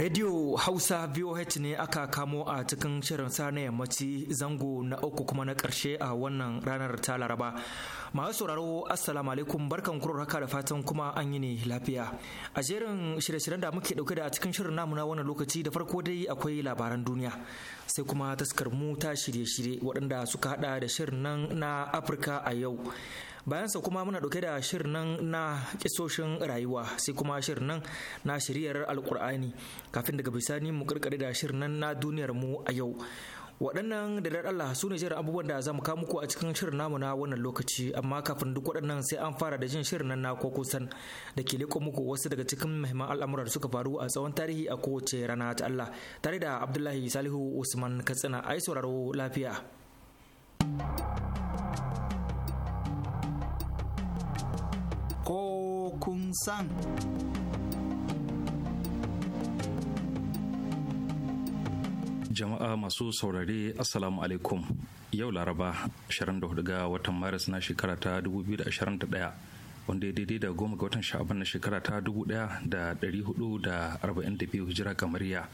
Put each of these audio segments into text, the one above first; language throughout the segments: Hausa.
Radio Hausa VOH ne aka kamo a cikin shirin sa na yammaci zango na uku kuma na ƙarshe a wannan ranar ta Laraba. Masu sauraro Assalamu alaikum barkan kuro haka da fatan kuma an yi ne lafiya. A jerin shirye-shiryen da muke dauke da a cikin shirin namu na wannan lokaci da farko dai akwai labaran duniya. Sai kuma taskar mu ta shirye-shirye waɗanda suka haɗa da shirin nan na Afirka a yau. bayansa kuma muna dauke da shirin nan na kisoshin rayuwa sai kuma shirin nan na shiriyar alkur'ani kafin daga bisani mu karkare da shirin nan na duniyar mu a yau waɗannan da dar Allah su ne jiran abubuwan da za mu kawo muku a cikin shirin namu na wannan lokaci amma kafin duk waɗannan sai an fara da jin shirin nan na kusan da ke leƙo muku wasu daga cikin muhimman al'amuran suka faru a tsawon tarihi a kowace rana ta Allah tare da Abdullahi Salihu Usman Katsina ai sauraro lafiya. kun san jama'a masu saurare assalamu alaikum yau laraba 24 ga watan maris na shekara ta 2021 wanda ya daidai da goma ga watan sha'aban na shekara ta dubu da da da arba'in biyu hijira kamariya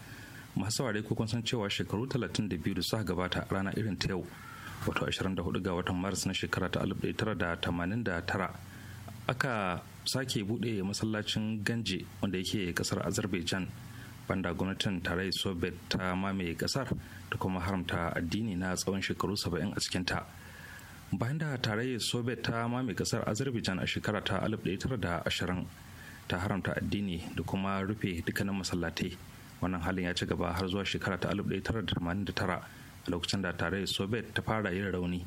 masu saurare ko kun san cewa shekaru talatin da biyu da suka gabata a rana irin ta yau wato hudu ga watan maris na shekara ta alif tara da da tamanin tara. aka sake buɗe masallacin ganje wanda yake kasar azerbaijan banda gwamnatin tarayyar soviet ta mamaye kasar da kuma haramta addini na tsawon shekaru 70 a cikinta bayan da tarayyar soviet ta mame kasar azerbaijan a shekara ta 1920 ta haramta addini da kuma rufe dukkanin masallatai wannan halin ya ci gaba har zuwa shekara ta 1989 a lokacin da tarayyar soviet ta fara yin rauni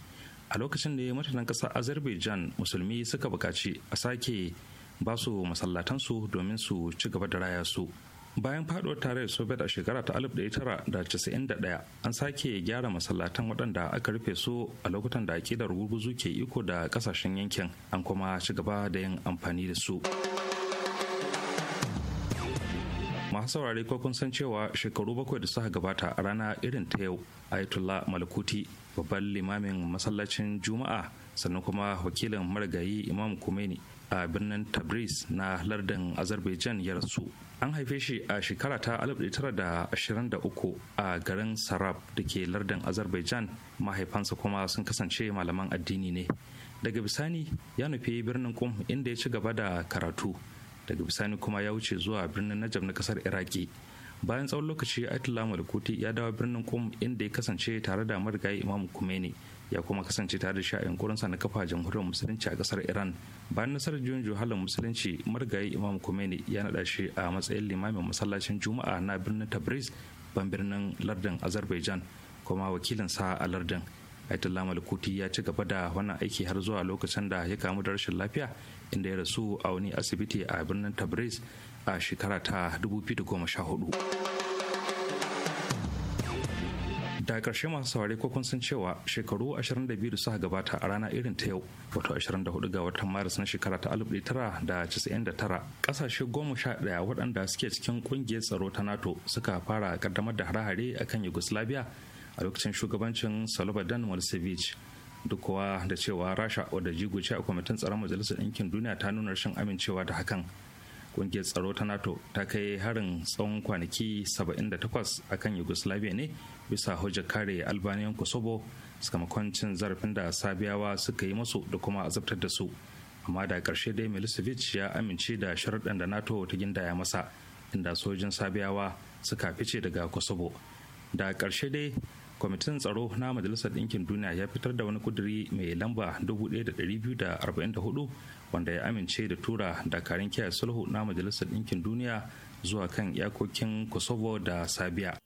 a lokacin da mutanen ƙasar azerbaijan musulmi suka buƙaci a sake ba su masallatansu domin su ci gaba da raya su bayan faduwar tarayyar soviet a shekara ta 1991 an sake gyara masallatan waɗanda aka rufe su a lokutan da aƙidar gurguzu ke iko da ƙasashen yankin an kuma ci gaba da yin amfani da su masu saurare ko kun san cewa shekaru bakwai da suka gabata a rana irin ta yau ayatollah malakuti babban limamin masallacin juma'a sannan kuma wakilin marigayi imam kumeni a birnin tabriz na lardin azerbaijan ya rasu an haife shi a shekara ta 1923 a garin sarab da ke lardin azerbaijan mahaifansa kuma sun kasance malaman addini ne daga bisani ya nufi birnin kum inda ya ci gaba da karatu daga bisani kuma ya wuce zuwa birnin najab na kasar iraki bayan tsawon lokaci Ayatollah Malikuti ya dawo birnin kum inda ya kasance tare da marigayi Imam kumeni ya kuma kasance tare da shi a na kafa jamhuriyar musulunci a kasar Iran bayan nasarar juyin juhalar musulunci marigayi Imam kumeni ya naɗa shi a matsayin limamin masallacin Juma'a na birnin Tabriz ban birnin lardin Azerbaijan kuma wakilin sa a lardin. Ayatollah Malikuti ya ci gaba da wannan aiki har zuwa lokacin da ya kamu da rashin lafiya inda ya rasu a wani asibiti a birnin Tabriz a shekara ta 2014 da ƙarshe masu saurare ko kun san cewa shekaru 22 da suka gabata a rana irin ta yau wato 24 ga watan maris na shekara ta 1999 ƙasashe 11 waɗanda suke cikin ƙungiyar tsaro ta nato suka fara ƙaddamar da hare-hare kan yugoslavia a lokacin shugabancin Salobadan Milosevic duk kuwa da cewa Rasha wadda jigoce a kwamitin tsaron majalisar ɗinkin duniya ta nuna rashin amincewa da hakan kungiyar tsaro ta nato ta kai harin tsawon kwanaki 78 a kan yugoslavia ne bisa hujjar kare albaniyan kosovo sakamakon cin zarafin da sabiyawa suka yi masu da kuma azabtar da su amma da ƙarshe dai milicevic ya amince da sharaɗin da nato ta gindaya masa inda sojin sabiyawa suka fice daga kosovo da ƙarshe dai kwamitin tsaro na majalisar ɗinkin duniya ya fitar da wani kuduri mai lamba 1244 wanda ya amince da tura dakarun kiyaye sulhu na majalisar ɗinkin duniya zuwa kan iyakokin kosovo da sabiya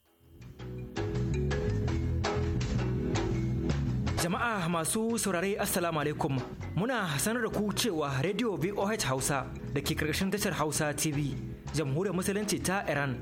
jama'a masu saurare assalamu alaikum muna sanar da ku cewa radio voh hausa da ke karkashin tashar hausa tv jamhuriyar musulunci ta iran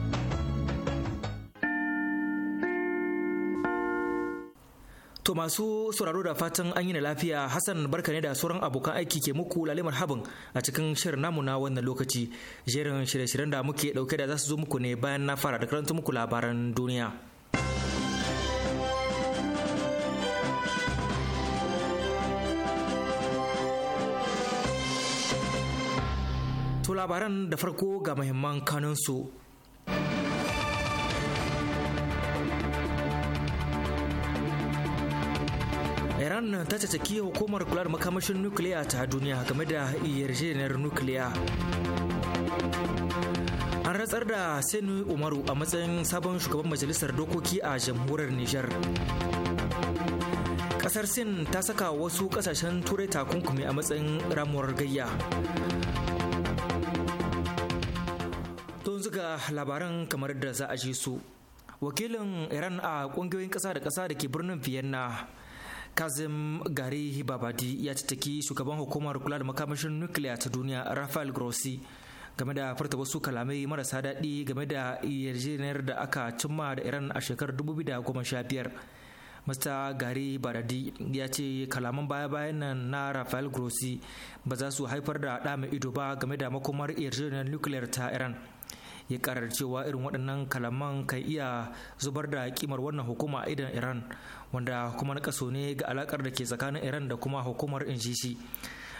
To masu sauraro da fatan an yi na lafiya Hassan barka ne da sauran abokan aiki ke muku lalimar habin a cikin shirin namu na wannan lokaci jerin shirye-shiryen da muke dauke da za su zo muku ne bayan na fara da karanta muku labaran duniya. To labaran da farko ga muhimman kanunsu Iran ta caceki hukumar kula da makamashin nukiliya ta duniya game da yarjejeniyar nukiliya. An ratsar da Sani Umaru a matsayin sabon shugaban majalisar dokoki a jamhuriyar Nijar. Kasar Sin ta saka wasu kasashen turai takunkumi a matsayin ramuwar gayya. Don zuga labaran kamar da za a ji su. Wakilin Iran a kungiyoyin ƙasa da ƙasa da ke birnin Vienna kazim gari babadi ya tattaki shugaban hukumar kula da makamashin nukiliya ta duniya rafael grossi game da furta wasu kalamai marasa daɗi game da yarjejeniyar da aka cimma da iran a shekarar 2015 mr gari baradi ya ce kalaman baya-bayan nan na rafael grossi ba za su haifar da ɗame ido ba game da makomar yarjejeniyar nukiliyar ta iran ya karar cewa irin waɗannan kalaman kan iya zubar da kimar wannan hukuma a idan iran wanda kuma na kaso ne ga alakar da ke tsakanin iran da kuma hukumar injishi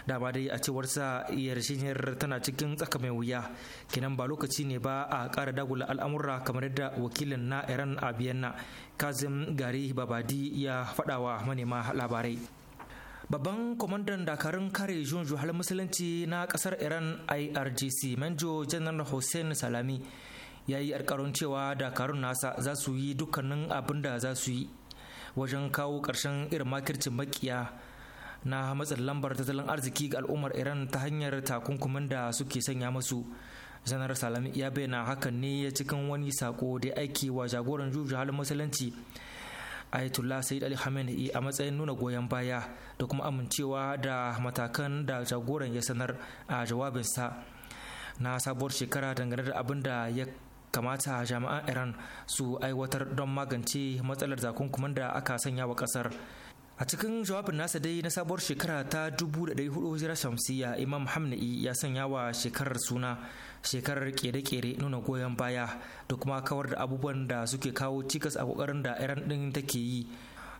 dama dai a cewar sa yarjejeniyar tana cikin tsaka mai wuya kenan ba lokaci ne ba a kara dagula al'amurra kamar yadda wakilin na iran a biyanna kazim gari babadi ya faɗawa manema labarai babban kwamandan dakarun kare junju hal musulunci na kasar iran irgc manjo janar hussein salami ya yi alkarun cewa dakarun nasa za su yi dukkanin abin da za su yi wajen kawo ƙarshen irin makircin makiya na matsin lambar tattalin arziki ga al'ummar iran ta hanyar takunkumin da suke sanya masu janar salami ya bayyana hakan ne ya cikin wani sako da aiki wa jagoran juju hal musulunci ayatollah sayyid ali khamenei a matsayin nuna goyon baya da kuma amincewa da matakan da jagoran ya sanar a jawabinsa na sabuwar shekara dangane da abin da ya kamata jami'an iran su aiwatar don magance matsalar zakunkuman da aka sanya wa kasar a cikin jawabin nasa dai na sabuwar shekara ta 1400 hijira shamsiyya imam hamna'i ya sanya wa shekarar suna shekarar kere-kere nuna goyon baya da kuma kawar da abubuwan da suke kawo cikas a kokarin da iran din take yi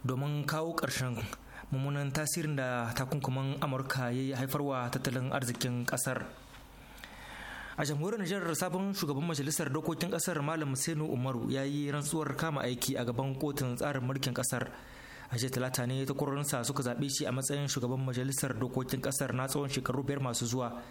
domin kawo ƙarshen mummunan tasirin da takunkuman amurka ya yi haifarwa tattalin arzikin ƙasar a jamhuriyar nijar sabon shugaban majalisar dokokin ƙasar malam senu umaru ya yi rantsuwar kama aiki a gaban kotun tsarin mulkin ƙasar a jiya talata ne ta takwarorinsa suka zaɓe shi a matsayin shugaban majalisar dokokin ƙasar na tsawon shekaru biyar masu zuwa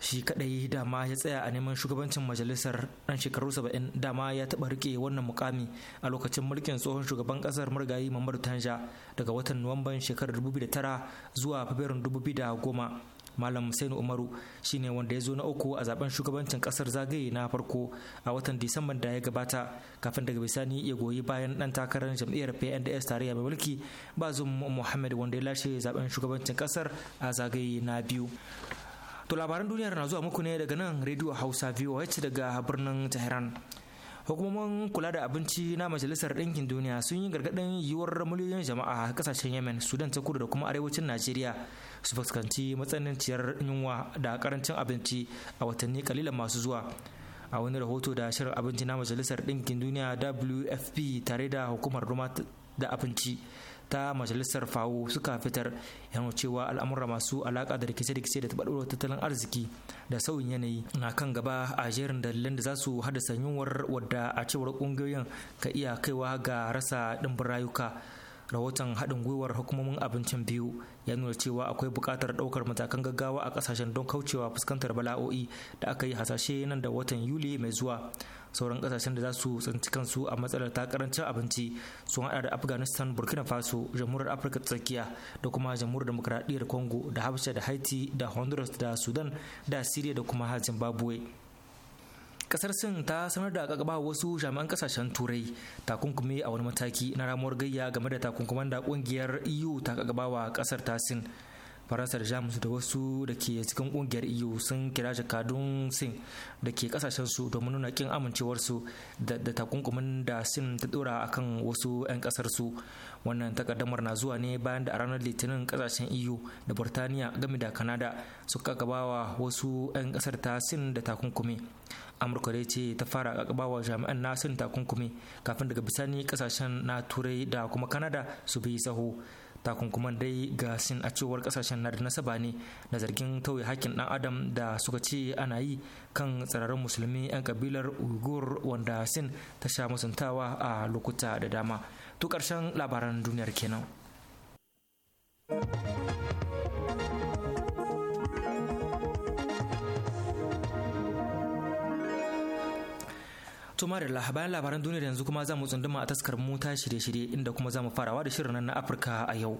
shi kadai dama ya tsaya a neman shugabancin majalisar ɗan shekaru saba'in dama ya taɓa rike wannan mukami a lokacin mulkin tsohon shugaban ƙasar marigayi mamadu tanja daga watan nuwamban shekarar 2009 zuwa fabrairun 2010 malam Husainu Umaru shine wanda ya zo na uku a zaben shugabancin kasar zagaye na farko a watan Disamban da ya gabata kafin daga bisani ya goyi bayan dan takarar jam'iyyar PNDS tarayya mai mulki Bazum Muhammad wanda ya lashe zaben shugabancin kasar a zagaye na biyu. To labaran duniyar na zuwa muku ne daga nan Radio Hausa VOH daga birnin Tehran. hukumomin kula da abinci na majalisar ɗinkin duniya sun yi gargaɗin yiwuwar miliyoyin jama'a a kasashen yemen sudan ta kudu da kuma arewacin najeriya su fuskanci matsananciyar yunwa da karancin abinci a watanni kalilan masu zuwa a wani rahoto da shirin abinci na majalisar ɗinkin duniya wfp tare da hukumar roma da abinci ta majalisar fawo suka fitar yana cewa al'amura masu alaka da rikice-rikice da taɓarɓarwar tattalin arziki da sauyin yanayi na kan gaba a jerin dalilan da za su haddasa yunwar wadda a cewar ƙungiyoyin ka iya kaiwa ga rasa ɗimbin rayuka rahoton haɗin gwiwar hukumomin abincin biyu ya nuna cewa akwai buƙatar ɗaukar matakan gaggawa a ƙasashen don kaucewa fuskantar bala'o'i da aka yi hasashe nan da watan yuli mai zuwa sauran kasashen da za su tsanci kansu a matsalar ta karancin abinci sun hada da afghanistan burkina faso jamhuriyar afirka tsakiya da kuma jamhuriyar demokradiyyar congo da habsha da haiti da honduras da sudan da syria da kuma zimbabwe kasar sin ta sanar da gaba wasu jami'an kasashen turai takunkumi a wani mataki na ramuwar gayya game da takunkuman da kungiyar eu ta gaba wa kasar ta sin faransa da jamus da wasu da ke cikin kungiyar eu sun kira jakadun sin da ke kasashen su domin nuna kin amincewarsu da takunkumin da sin ta dora akan wasu 'yan kasar su wannan takaddamar na zuwa ne bayan da a ranar litinin kasashen eu da burtaniya game da kanada suka gabawa wasu 'yan kasar ta sin da takunkumi amurka dai ce ta fara gagabawa jami'an na sin takunkumi kafin daga bisani kasashen na turai da kuma kanada su bi sahu. takunkuman dai ga sin a cewar kasashen na da nasaba ne na zargin tauye hakkin dan adam da suka ce ana yi kan tsararren musulmi 'yan kabilar uighur wanda sin ta sha musuntawa a lokuta da dama to karshen labaran duniyar kenan To Marilla bayan labaran duniyar yanzu kuma za mu tsunduma a taskar mu ta shirye-shirye inda kuma za mu farawa da shirin na Afirka a yau.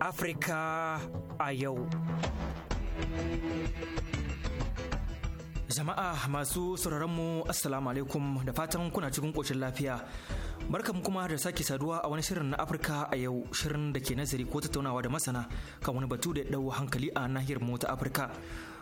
Afirka a yau. Jama'a masu sauraronmu Assalamu alaikum da fatan kuna cikin ƙoshin lafiya. Barkan kuma da sake saduwa a wani shirin na Afirka a yau shirin da ke nazari ko tattaunawa da masana kan wani batu da ya hankali a nahiyar mu ta Afirka.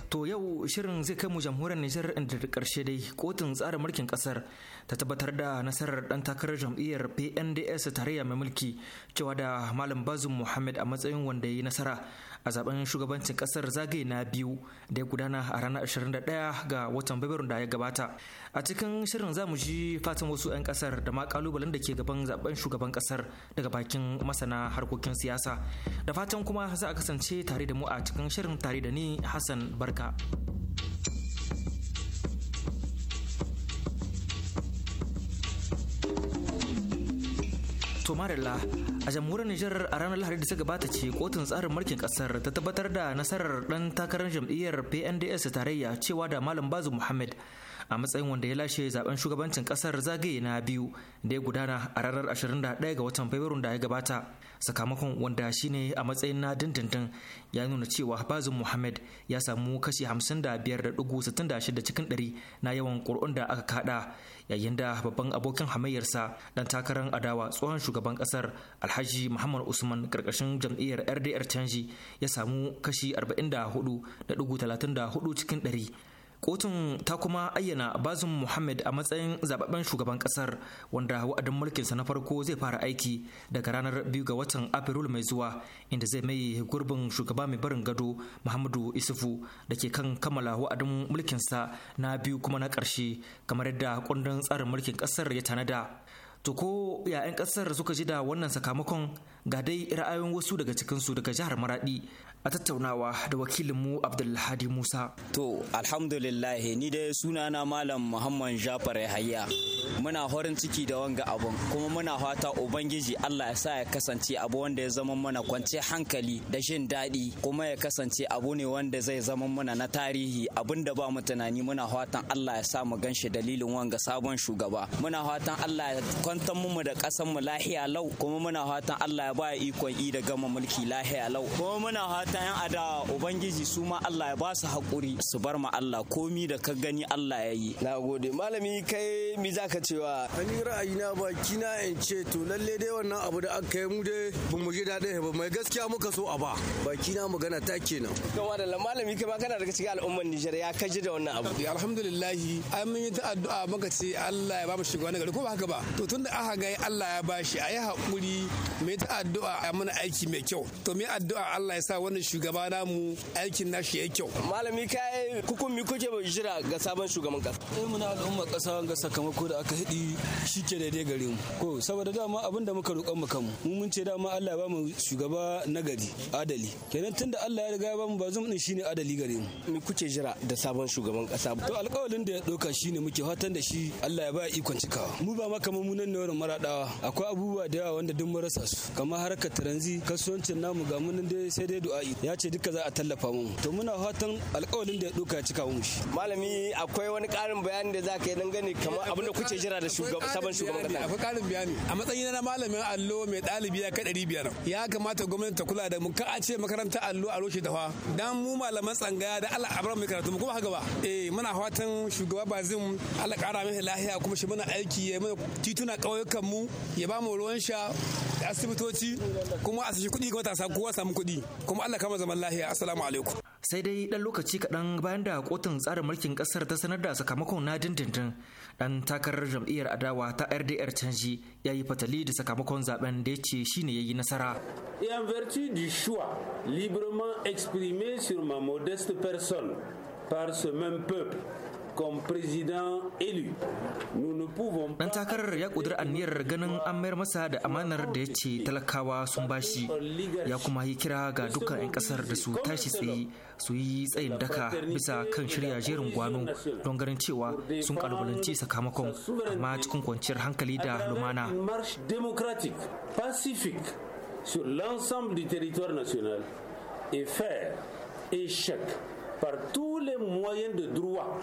To yau shirin zai kai mu jamhuriyar Nijar inda da karshe dai kotun tsarin mulkin kasar ta tabbatar da nasarar dan takarar jam'iyyar PNDS tarayya mai mulki cewa da Malam Bazum Muhammad a matsayin wanda ya yi nasara a zaben shugabancin kasar zagaye na biyu da ya gudana a ranar 21 ga watan Fabrairu da ya gabata. A cikin shirin za mu ji fatan wasu 'yan kasar da ma kalubalen da ke gaban zaben shugaban kasar daga bakin masana harkokin siyasa. Da fatan kuma za a kasance tare da mu a cikin shirin tare da ni Hassan Barka. to a jamhuriyar Nijar a ranar Lahadi da ta gabata ce kotun tsarin mulkin kasar ta tabbatar da nasarar dan takarar jam'iyyar PNDS tarayya cewa da Malam Bazu Muhammad a matsayin wanda ya lashe zaben shugabancin kasar zagaye na biyu da ya gudana a ranar 21 ga watan Fabrairu da ya gabata. Sakamakon wanda shine a matsayin na dindindin ya nuna cewa Bazu Muhammad ya samu kashi 55.66 cikin 100 na yawan ƙuri'un da aka kada yayin da babban abokin hamayyarsa dan takarar adawa tsohon shugaban kasar alhaji muhammad usman karkashin jam'iyyar rdr canji ya samu kashi 44.34 cikin 100 kotun ta kuma ayyana bazin muhammad a matsayin zababben shugaban kasar wanda wa'adin mulkinsa na farko zai fara aiki daga ranar biyu ga watan afrilu mai zuwa inda zai mai gurbin shugaba mai barin gado muhammadu isufu da ke kan kammala wa'adin mulkinsa na biyu kuma na ƙarshe kamar yadda kundin tsarin mulkin kasar ya tanada to ko yayan kasar suka ji da wannan sakamakon ga dai ra'ayoyin wasu daga cikinsu daga jihar maradi a tattaunawa da wakilinmu Abdullahi Musa. To, alhamdulillah ni dai na Malam Muhammad Jafar Yahaya. Muna horin ciki da wanga abun kuma muna fata Ubangiji Allah ya sa ya kasance abu wanda ya zama mana kwance hankali da jin daɗi kuma ya kasance abu ne wanda zai zama mana na tarihi Abun da ba mu tunani muna fatan Allah ya sa mu ganshi dalilin wanga sabon shugaba. Muna fatan Allah ya kwantar mu da ƙasar mu lahiya lau kuma muna fatan Allah ya ba ikon i da gama mulki lahiya lau kuma muna fatan fata yan adawa ubangiji su ma Allah ya ba su haƙuri su bar ma Allah komi da ka gani Allah ya yi na gode malami kai mi za ka cewa ani ra'ayina ba na in ce to lalle dai wannan abu da aka yi mu dai ba mu ji daɗin ba mai gaskiya muka so a ba ba kina magana ta kenan kawa da malami kai ba kana daga cikin al'ummar Nijar ya kaji da wannan abu alhamdulillah an mun yi ta addu'a muka ce Allah ya ba mu shugaba na gari ko ba haka ba to tunda aka ga Allah ya bashi ayi haƙuri mai ta addu'a a mana aiki mai kyau to mai addu'a Allah ya sa wani. wannan shugaba namu aikin nashi ya kyau malami kai hukumi kuke bai jira ga sabon shugaban kasa eh muna al'umma kasa ga sakamako da aka hidi shike dai gare mu ko saboda dama abin da muka roƙon mu kanmu mu mun ce dama Allah ya ba mu shugaba nagari adali kenan tunda Allah ya riga ya ba mu bazum din shine adali gare mu me kuke jira da sabon shugaban kasa to alƙawalin da ya ɗauka shine muke fatan da shi Allah ya ba ikon cikawa mu ba maka kamar mu nan ne wurin maradawa akwai abubuwa da yawa wanda duk mun rasa su kamar harkar taranzi kasuwancin namu ga mun dai sai dai du'a'i ya ce duka za a tallafa mu to muna fatan alƙawalin da ya duka ya cika mu shi malami akwai wani ƙarin bayani da za ka yi dangane kamar abin da kuke jira da shugaban sabon shugaban kasa akwai karin bayani a matsayin na malamin allo mai dalibi ya kai ɗari biyar ya kamata gwamnati ta kula da mu ka a ce makaranta allo a roshe dafa dan mu malaman tsangaya da Allah abran mai karatu mu kuma haka ba eh muna fatan shugaba bazin Allah ƙara mai lahiya kuma shi muna aiki ya mana tituna kauyukan mu ya ba mu ruwan sha asibitoci kuma a sashi kuɗi ga matasa kowa samu kuɗi kuma Allah kama zaman lahiya assalamu alaikum sai dai dan lokaci kaɗan bayan da kotun tsarin mulkin ƙasar ta sanar da sakamakon na dindindin dan takarar jam'iyyar adawa ta rdr canji ya yi fatali da sakamakon zaben da ya ce shine ya yi nasara et en vertu du choix librement exprimé sur ma modeste personne par ce même peuple Dan takarar ya kudur aniyar ganin an mayar masa da amanar da ya ce talakawa sun bashi ya kuma yi kira ga dukkan 'yan ƙasar da su tashi tsaye su yi tsayin daka bisa kan shirya jerin gwano don ganin cewa sun kalubalanci sakamakon amma cikin kwanciyar hankali da lumana. sur l'ensemble du territoire national et faire échec par tous les moyens de droit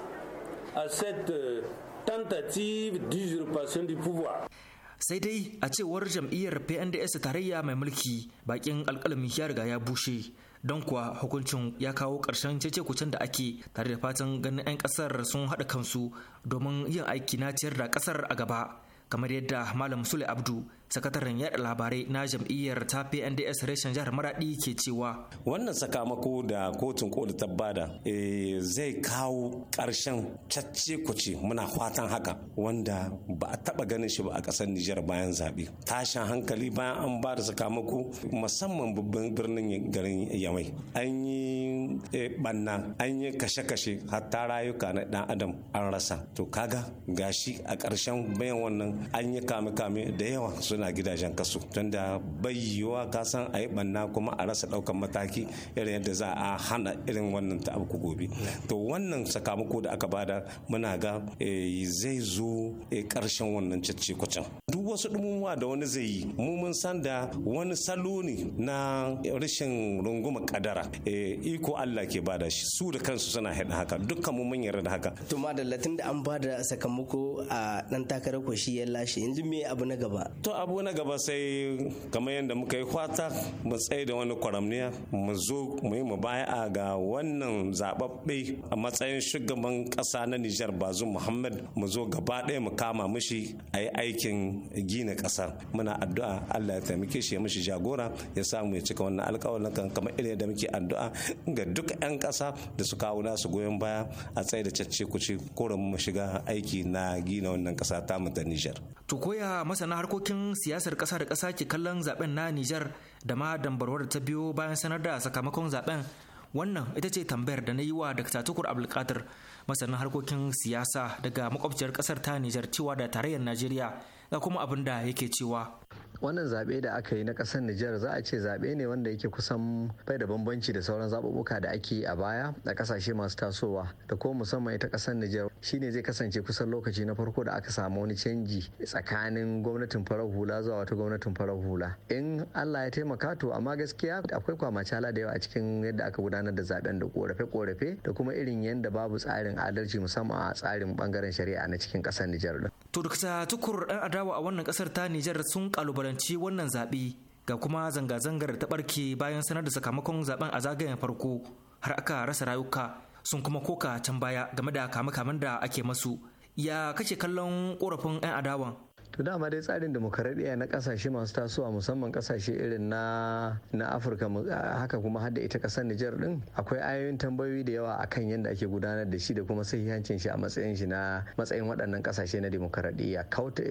à cette euh, tentative d'usurpation du pouvoir. sai dai a cewar jam'iyyar pnds tarayya mai mulki bakin alkalami ya riga ya bushe don kuwa hukuncin ya kawo ƙarshen cece-kucen da ake tare da fatan ganin 'yan ƙasar sun haɗa kansu domin yin aiki na ciyar da ƙasar a gaba kamar yadda malam sule abdu sakataren yada labarai na jam'iyyar ta pnds reshen jihar maradi ke cewa wannan sakamako da kotun koda ta bada eh, zai kawo ƙarshen cacce kuce muna fatan haka wanda ba a taba ganin shi ba a ƙasar nijar bayan zaɓe tashin hankali bayan an ba da sakamako musamman babban birnin garin yamai an yi banna eh, an yi kashe-kashe hatta rayuka na ɗan adam an rasa to kaga gashi a ƙarshen bayan wannan an yi kame-kame da yawa suna gidajen kasu tunda bayyawa ka san a yi banna kuma a rasa daukan mataki irin yadda za a hana irin wannan ta abu gobe to wannan sakamako da aka bada muna ga eh, zai zo karshen eh, wannan cece kucin duk wasu dumuwa da wani zai yi mu mun san da wani salo ne na rashin runguma kadara eh, iko Allah ke bada shi su da kansu suna haɗa haka dukkan mu mun yarda haka to madallatin da an bada sakamako a dan takarar ko shi ya lashe yanzu me abu na gaba to abu na gaba sai kamar yadda muka yi kwata mu tsaye da wani kwaramniya mu zo mu yi mu baya ga wannan zababbe a matsayin shugaban ƙasa na Nijar Bazu Muhammad mu zo gaba ɗaya mu kama mishi a yi aikin gina ƙasa muna addu'a Allah ya taimake shi ya mishi jagora ya samu ya cika wannan alƙawarin kan kamar irin da muke addu'a ga duk 'yan ƙasa da su kawo nasu goyon baya a tsaye da cacce kuce koran mu shiga aiki na gina wannan ƙasa ta mu ta Nijar. To koya masana harkokin siyasar ƙasa da kasa ke kallon zaben na Nijar da ma dambarwar ta biyo bayan sanar da sakamakon zaben wannan ita ce tambayar da na yi wa Dr. Tukur Abdulkadir masanin harkokin siyasa daga makwabciyar kasar ta Nijar cewa da tarayyar Najeriya da kuma abin da yake cewa. wannan zaɓe da aka yi na ƙasar Nijar za a ce zaɓe ne wanda yake kusan bai da bambanci da sauran zaɓuɓɓuka da ake a baya a ƙasashe masu tasowa da ko musamman ita ƙasar Nijar shine zai kasance kusan lokaci na farko da aka samu wani canji tsakanin gwamnatin farar hula zuwa wata gwamnatin farar hula in Allah ya taimaka to amma gaskiya akwai kwamacala da yawa a cikin yadda aka gudanar da zaɓen da korafe-korafe da kuma irin yadda babu tsarin adalci musamman a tsarin bangaren shari'a na cikin ƙasar Nijar. To Dr. Tukur ɗan adawa a wannan ƙasar ta Nijar sun kalubalen jagoranci wannan zaɓi ga kuma zanga-zangar ta ɓarke bayan sanar da sakamakon zaben a zagayen farko har aka rasa rayuka sun kuma koka can baya game da kame-kamen da ake masu ya kake kallon korafin 'yan adawan to dama dai tsarin demokaradiyya na kasashe masu tasowa musamman kasashe irin na na afirka haka kuma hadda ita kasar nijar din akwai ayoyin tambayoyi da yawa akan yadda ake gudanar da shi da kuma sahihancin shi a matsayin shi na matsayin waɗannan kasashe na demokaradiyya kauta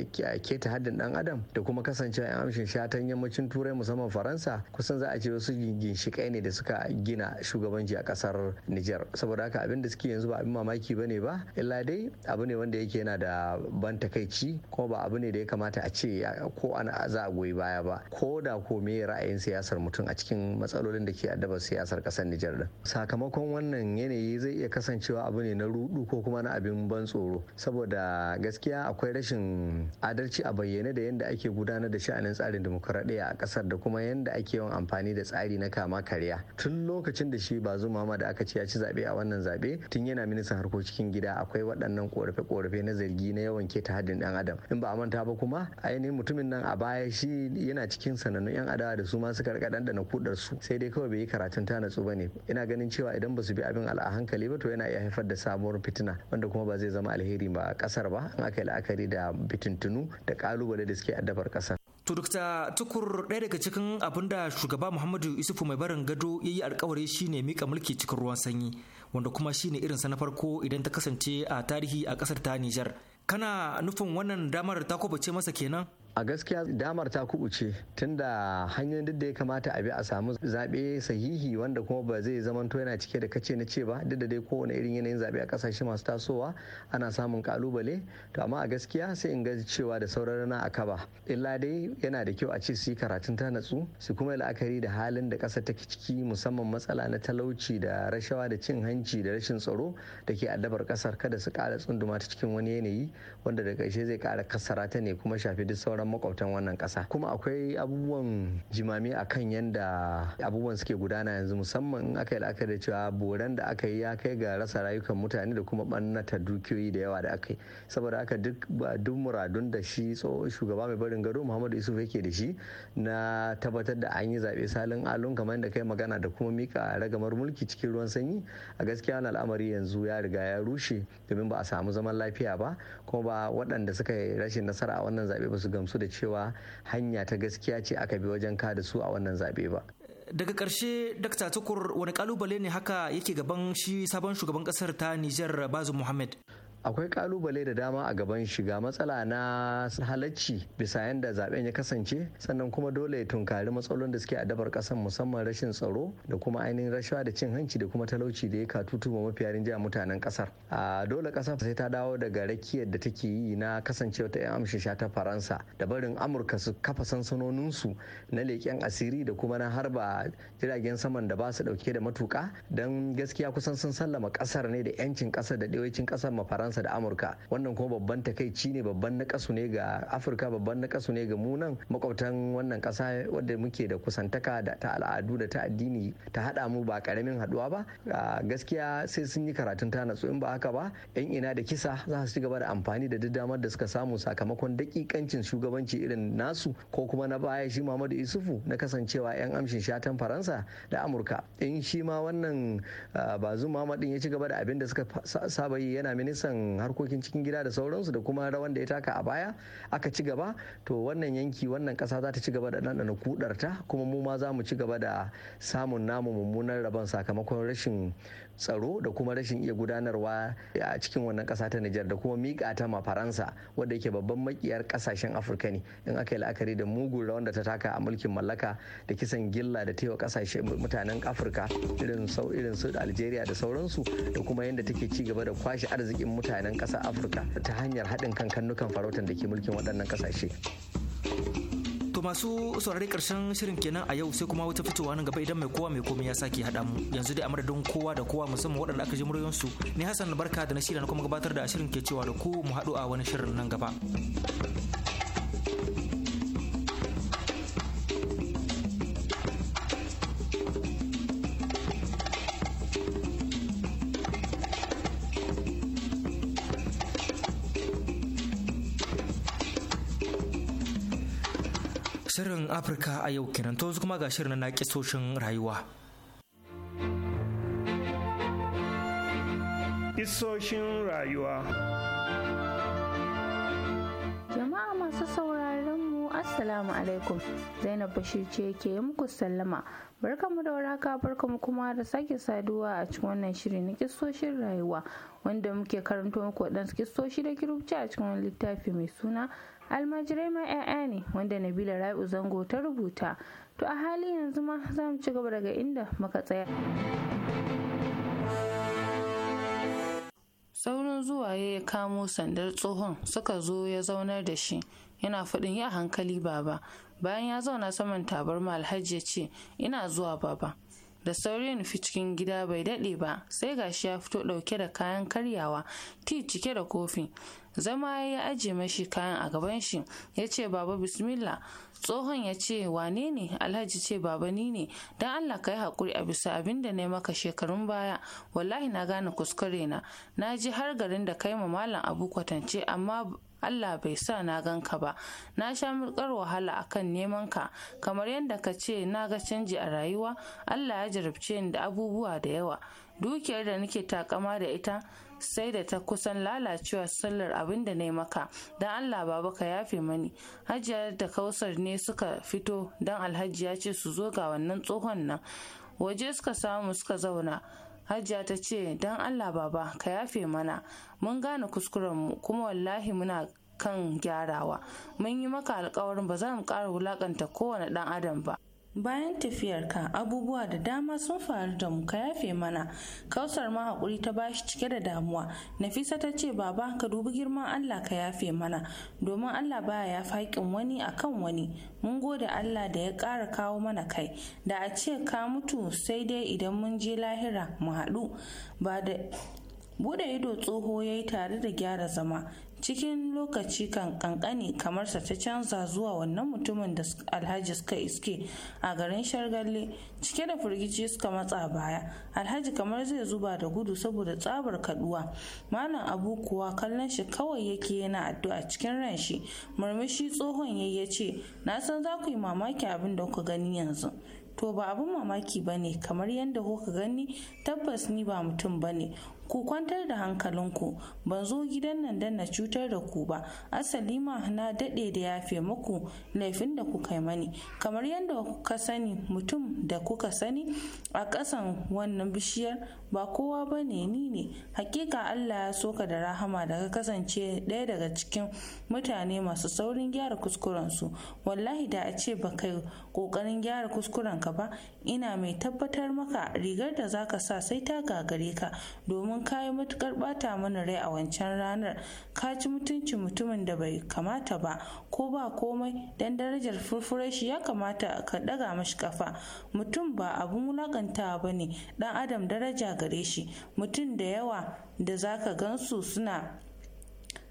keta haddin dan adam da kuma kasancewa yan amshin shatan yammacin turai musamman faransa kusan za a ce wasu ginshikai ne da suka gina shugabanci a kasar nijar saboda haka abin da suke yanzu ba abin mamaki ne ba illa dai abu ne wanda yake yana da ban takaici kuma ba abu ne da da ya kamata a ce ko ana za a goyi baya ba ko da ko me ra'ayin siyasar mutum a cikin matsalolin da ke addaba siyasar kasar Nijar din sakamakon wannan yanayi zai iya kasancewa abu ne na rudu ko kuma na abin ban tsoro saboda gaskiya akwai rashin adalci a bayyane da yadda ake gudanar da sha'anin tsarin dimokuraɗiyya a kasar da kuma yadda ake yawan amfani da tsari na kama karya tun lokacin da shi ba mama da aka ce ya ci zaɓe a wannan zaɓe tun yana ministan harkokin gida akwai waɗannan korafe-korafe na zargi na yawan ta haddin ɗan adam in ba a manta ta ba kuma ainihin mutumin nan a baya shi yana cikin sanannun yan adawa da su ma suka rika dandana kudar su sai dai kawai bai yi karatun ta natsu bane ina ganin cewa idan ba su bi abin al'a hankali ba to yana iya haifar da samuwar fitina wanda kuma ba zai zama alheri ba a kasar ba in aka yi la'akari da fitintunu da kalubale da suke addabar kasar To Dokta Tukur ɗaya daga cikin abin da shugaba Muhammadu Yusufu mai barin gado ya yi alkawari shine mika mulki cikin ruwan sanyi wanda kuma shine irinsa na farko idan ta kasance a tarihi a kasar ta Nijar kana nufin wannan damar ta kubuce masa kenan a gaskiya damar ta kubuce tunda hanyar duk da ya kamata a bi a samu zaɓe sahihi wanda kuma ba zai zamanto yana cike da kace na ce ba duk da dai kowane irin yanayin zaɓe a ƙasashe masu tasowa ana samun kalubale to amma a gaskiya sai in ga cewa da sauran na a kaba illa dai yana da kyau a ce su yi karatun ta natsu su kuma la'akari da halin da ƙasa take ciki musamman matsala na talauci da rashawa da cin hanci da rashin tsaro da ke addabar ƙasar kada su ƙara tsunduma ta cikin wani yanayi wanda da ƙarshe zai kara kasara ta ne kuma shafi duk sauran makwabtan wannan ƙasa kuma akwai abubuwan jimami a kan yadda abubuwan suke gudana yanzu musamman in aka yi la'akari da cewa boran da aka yi ya kai ga rasa rayukan mutane da kuma ɓannata dukiyoyi da yawa da aka yi saboda haka duk duk muradun da shi shugaba mai barin gado muhammadu yusuf yake da shi na tabbatar da an yi zaɓe salin alun kamar yadda kai magana da kuma mika ragamar mulki cikin ruwan sanyi a gaskiya wani al'amari yanzu ya riga ya rushe domin ba a samu zaman lafiya ba kuma ba waɗanda suka yi rashin nasara a wannan zaɓe ba su gamsu da cewa hanya ta gaskiya ce aka bi wajen ka da su a wannan zaɓe ba. daga ƙarshe dakta tukur wani ƙalubale ne haka yake gaban shi sabon shugaban ƙasar ta nijar bazu muhammad akwai kalubale da dama a gaban shiga matsala na halacci bisa yadda zaben ya kasance sannan kuma dole ya tunkari matsalolin da suke a dabar kasan musamman rashin tsaro da kuma ainihin rashawa da cin hanci da kuma talauci da ya ka katutuma mafiya rinjaya mutanen kasar a dole kasar sai ta dawo daga rakiyar da take yi na kasancewa ta yan amshisha ta faransa da barin amurka su kafa sansanoninsu na leƙen asiri da kuma na harba jiragen saman da ba su dauke da matuka don gaskiya kusan sun sallama ƙasar ne da yancin kasar da ɗawaicin kasar ma faransa tsakaninsa da amurka wannan kuma babban takaici ne babban na kasu ne ga afirka babban na nakasu ne ga munan makwabtan wannan kasa wadda muke da kusantaka da ta al'adu da ta addini ta hada mu ba karamin haduwa ba gaskiya sai sun yi karatun ta natsu in ba haka ba yan ina da kisa za su ci gaba da amfani da duk damar da suka samu sakamakon dakikancin shugabanci irin nasu ko kuma na baya shi Muhammadu Isufu na kasancewa yan amshin shatan Faransa da Amurka in shi ma wannan bazum Muhammadu ya ci gaba da abin da suka saba yi yana ministan harkokin cikin gida da sauransu da kuma rawan da ya taka a baya aka ci gaba to wannan yanki wannan kasa za ta ci gaba da ɗanɗana kudarta kuma mu ma za mu ci gaba da samun namu mummunan rabon sakamakon rashin tsaro da kuma rashin iya gudanarwa a cikin wannan ƙasa ta Nijar da kuma miƙa ta ma Faransa wadda yake babban makiyar ƙasashen Afirka ne in aka yi la'akari da mugun rawan da ta taka a mulkin mallaka da kisan gilla da taiwa ƙasashe mutanen Afirka irin sau irin su Algeria da sauransu da kuma yadda take ci gaba da kwashe arzikin mutanen ƙasar Afirka ta hanyar haɗin kan kannukan farautar da ke mulkin waɗannan ƙasashe. To masu saurari karshen shirin kenan a yau sai kuma wata fitowa nan gaba idan mai kowa mai komai ya sake haɗa mu yanzu dai a madadin kowa da kowa musamman waɗanda aka ji muryoyinsu ni Hassan barka da na shirya na kuma gabatar da shirin ke cewa da ku mu haɗu a wani shirin nan gaba. Afirka a yau kenan to kuma ga shirin na kisoshin rayuwa. Kisoshin rayuwa. Jama'a masu sauraron mu Assalamu alaikum Zainab Bashir ce ke muku sallama. Barkamu da waraka barkamu kuma da sake saduwa a cikin wannan shiri na kisoshin rayuwa wanda muke karanto muku waɗansu kisoshi da kirubci a cikin wani littafi mai suna almajirai ma 'ya'ya ne wanda nabila rai'u zango ta rubuta to a halin yanzu ma za mu ci gaba daga inda muka tsaya saurin zuwa ya kamo sandar tsohon suka zo ya zaunar da shi yana faɗin ya hankali baba bayan ya zauna saman tabarma alhaji ya ce ina zuwa baba da saurin nufi cikin gida bai daɗe ba sai gashi ya fito ɗauke da kayan karyawa ti cike da kofi zama ya aje mashi kayan a gaban shi ya ce baba bismillah tsohon ya ce wane ne alhaji ce baba ni ne don allah ka yi haƙuri a bisa abin da na maka shekarun baya wallahi na gane kuskure na na ji har garin da kai ma malam abu kwatance amma Allah bai sa na gan ka ba na sha murkar wahala akan neman ka kamar yadda ka ce na ga canji a rayuwa Allah ya jarabce ni da abubuwa da yawa dukiyar da nake takama da ita sai da ta kusan lalacewa sallar abin da nai maka don allah baba ka yafe mani hajiya da kausar ne suka fito don alhaji ya ce su zo ga wannan tsohon nan waje suka samu suka zauna hajiya ta ce don allah baba ka yafe mana mun gane kuskurenmu kuma wallahi muna kan gyarawa mun yi maka alkawarin ba za mu ƙara wulakanta kowane ɗan adam ba bayan tafiyarka abubuwa da dama sun faru da mu ka yafe mana kausar ma hakuri ta bashi cike da damuwa nafisa ta ce baba ka dubi girman allah ka yafe mana domin allah baya ya faƙin wani akan wani mun gode allah da ya ƙara kawo mana kai da a ce ka mutu sai dai idan mun je lahira mu haɗu ba da bude ido tsoho ya yi tare da gyara zama cikin lokaci kan kankani kamarsa ta canza zuwa wannan mutumin da alhaji suka iske a garin shargalle cike da firgici suka matsa baya alhaji kamar zai zuba da gudu saboda tsabar kaduwa malam abu kuwa kallon shi kawai yake yana addu'a cikin ran shi murmushi tsohon yayi ya ce na san za ku yi mamaki abin da kuka gani yanzu to ba abin mamaki ba ne kamar yadda kuka gani tabbas ni ba mutum ba ne ku kwantar da hankalinku ban zo gidan nan dan na cutar da ku ba asali ma na daɗe da yafe muku laifin da kuka yi mani kamar yadda kuka sani mutum da kuka sani a ƙasan wannan bishiyar ba kowa ba ne ni ne hakika allah ya soka da rahama daga kasance ɗaya daga cikin mutane masu saurin gyara kuskuren su wallahi da a ce ba kai ƙoƙarin gyara kuskurenka ba ina mai tabbatar maka rigar da za ka sa sai ta gagare ka domin ka yi matukar bata mana rai a wancan ranar ka ci mutunci mutumin da bai kamata ba ko ba komai dan darajar shi ya kamata ka daga mashi kafa mutum ba abun ba ne dan adam daraja gare shi mutum da yawa da zaka gansu suna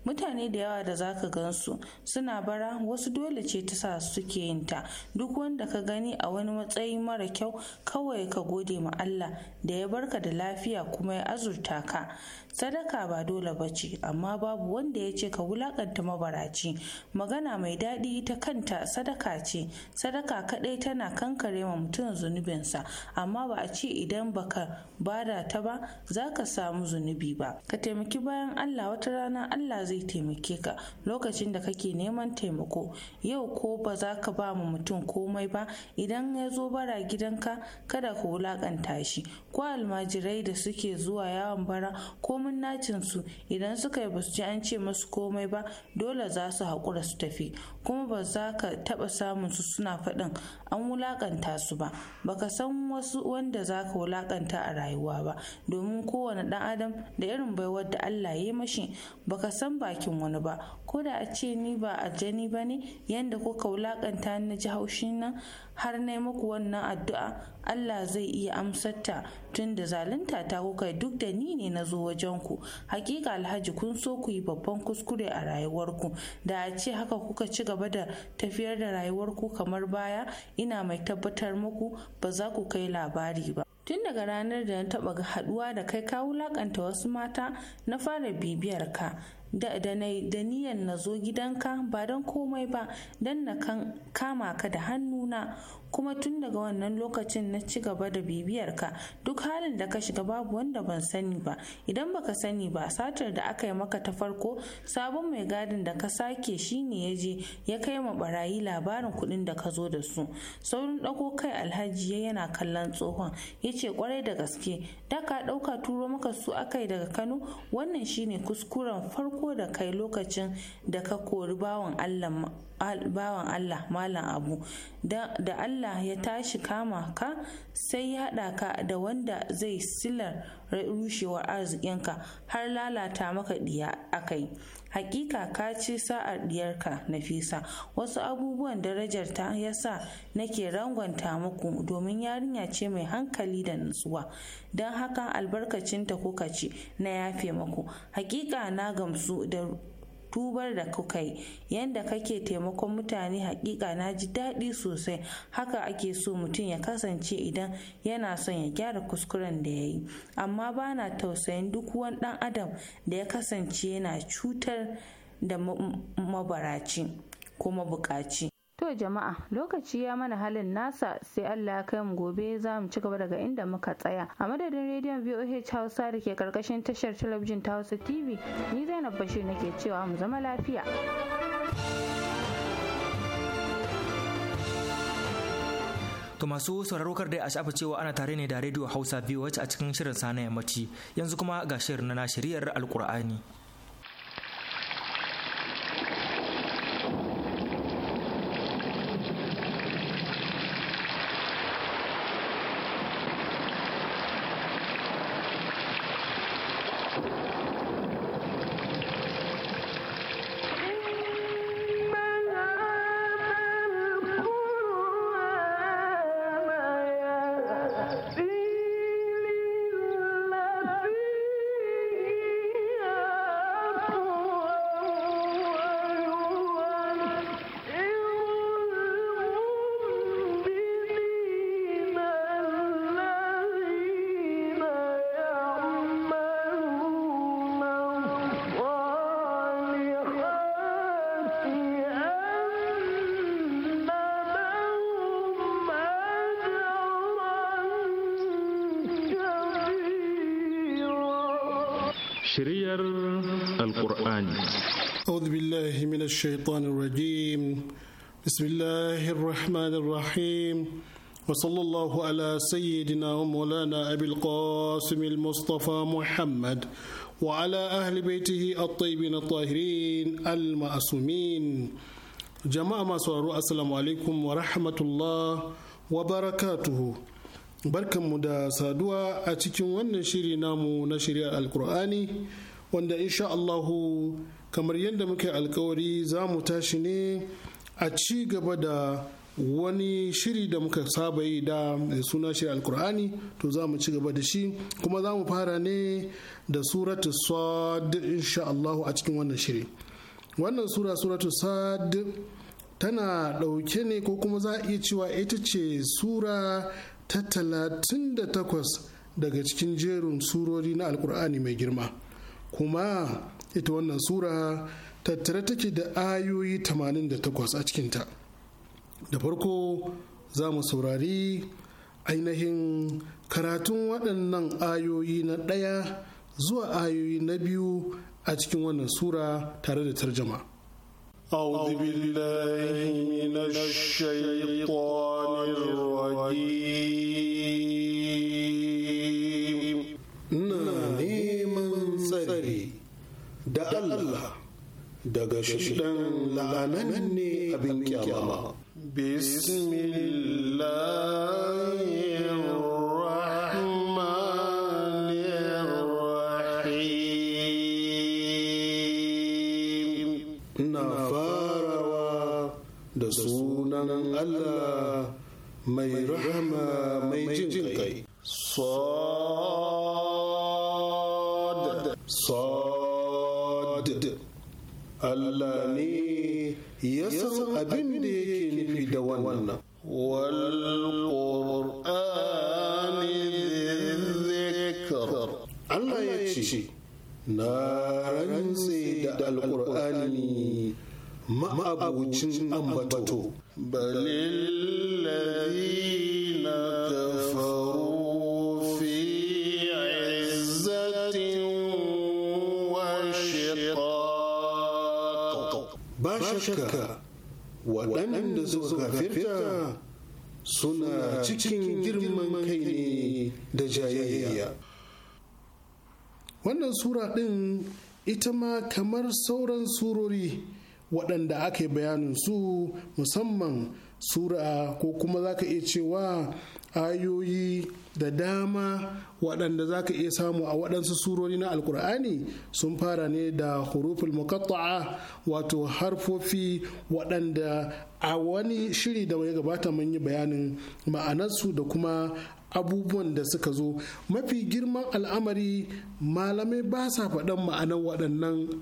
mutane da yawa da za zaka gansu suna bara wasu dole ce ta sa suke yin ta duk wanda ka gani a wani matsayi mara kyau kawai ka gode ma Allah da ya barka da lafiya kuma ya azurta ka sadaka ba dole ba ce amma babu wanda ya ce ka wulakanta mabaraci magana mai daɗi ta kanta sadaka ce sadaka kaɗai tana kankare ma mutum zunubinsa amma ba a ce idan baka bada ta ba za ka samu zunubi ba ka taimaki bayan allah wata rana allah zai taimake ka lokacin da kake neman taimako yau ko ba za ka ba mu mutum komai ba idan ya zo bara gidanka kada ka wulakanta shi ko almajirai da suke zuwa yawon bara ko komin nacin su idan suka yi basu ji an ce masu komai ba dole za su haƙura su tafi kuma ba za ka taɓa samun su suna faɗin an wulaƙanta su ba baka san wasu wanda za ka wulaƙanta a rayuwa ba domin kowane ɗan adam da irin baiwar da Allah ya mashi baka san bakin wani ba ko da a ce ni ba a jani ba ne yanda kuka wulaƙanta na ji haushin nan har na muku wannan addu'a Allah zai iya amsar ta tun da zalunta ta kuka duk da ni ne na zo wajen ku hakika alhaji kun so ku yi babban kuskure a rayuwarku da a ce haka kuka ci gaba da tafiyar da rayuwarku kamar baya ina mai tabbatar muku ba za ku kai labari ba tun daga ranar da na taba haduwa da kai ka wulakanta wasu mata na fara bibiyar ka da niyan na zo gidanka ba don komai ba don na kama ka da hannuna kuma tun daga wannan lokacin na ci gaba da bibiyar ka duk halin da ka shiga babu wanda ban sani ba idan baka sani ba satar da aka yi maka ta farko sabon mai gadin da ka sake shine ya je ya kai ma barayi labarin kuɗin da ka zo da su saurin ɗago kai alhaji ya yana kallon tsohon ya ce kwarai da gaske da ka ɗauka turo maka su aka yi daga kano wannan shine kuskuren farko da kai lokacin da ka kori bawan allah bawan Allah malam abu da Allah ya tashi kama ka sai ya haɗa ka da wanda zai silar rushewar arzikinka har lalata maka diya akai hakika ka ci sa'ar ɗiyarka nafisa wasu abubuwan darajar ta ya sa nake rangwanta muku domin yarinya ce mai hankali da nutsuwa don haka albarkacinta kuka ce na yafe muku hakika na gamsu da dubar da kuka yi yanda kake taimakon mutane hakika na ji daɗi sosai haka ake so mutum ya kasance idan yana son ya gyara kuskuren da ya yi amma ba na tausayin duk wani ɗan adam da ya kasance yana cutar da mabaraci ko mabukaci To jama'a lokaci ya mana halin nasa sai Allah ya kai mu gobe za mu ci gaba daga inda muka tsaya. A madadin rediyon VOH Hausa da ke karkashin tashar talabijin ta Hausa TV ni Zainab Bashir nake cewa mu zama lafiya. To masu sauraro kar dai a shafa cewa ana tare ne da rediyo Hausa VOH a cikin shirin sana yammaci yanzu kuma ga shirin na shiriyar Alkur'ani. الشيطان الرجيم بسم الله الرحمن الرحيم وصلى الله على سيدنا ومولانا أبي القاسم المصطفى محمد وعلى أهل بيته الطيبين الطاهرين المعصومين جماعة ما سواروا السلام عليكم ورحمة الله وبركاته barkanmu da saduwa a cikin wannan shiri namu na shari'ar alkur'ani wanda insha Allahu kamar yadda muke alkawari za mu tashi ne a ci gaba da wani shiri da muka saba yi da suna shi alkur'ani to za mu ci gaba da shi kuma za mu fara ne da suratu sad insha Allah a cikin wannan shiri wannan sura suratu sad tana ɗauke ne ko kuma za a iya cewa ita ce sura ta talatin da takwas daga cikin jerin surori na alkur'ani mai girma kuma ita wannan sura tattare take da ayoyi 88 a cikinta da farko za mu saurari ainihin karatun waɗannan ayoyi na ɗaya zuwa ayoyi na biyu a cikin wannan sura tare da tarjama. أعوذ بالله من الشيطان الرجيم Allah daga shidan la'anan ne abin kyama. Ina farawa da sunan Allah mai rahama mai jin kai. Allah ne ya san abin da yake nufi da wannan. Allah ya ce, Na rantse da Alƙur'ani ma'abucin ambato. Balil shakka waɗanda suka kafirta suna cikin girman kai ne da jayayya wannan sura ɗin ita ma kamar sauran surori waɗanda aka yi bayanin su musamman sura ko kuma za ka iya cewa ayoyi da dama waɗanda za ka iya samu a waɗansu surori na alkur'ani sun fara ne da huruful muqatta'a wato harfofi waɗanda a wani shiri da ya gabata mun yi bayanin ma'anarsu da kuma abubuwan da suka zo mafi girman al'amari malamai ba sa faɗan ma'anar waɗannan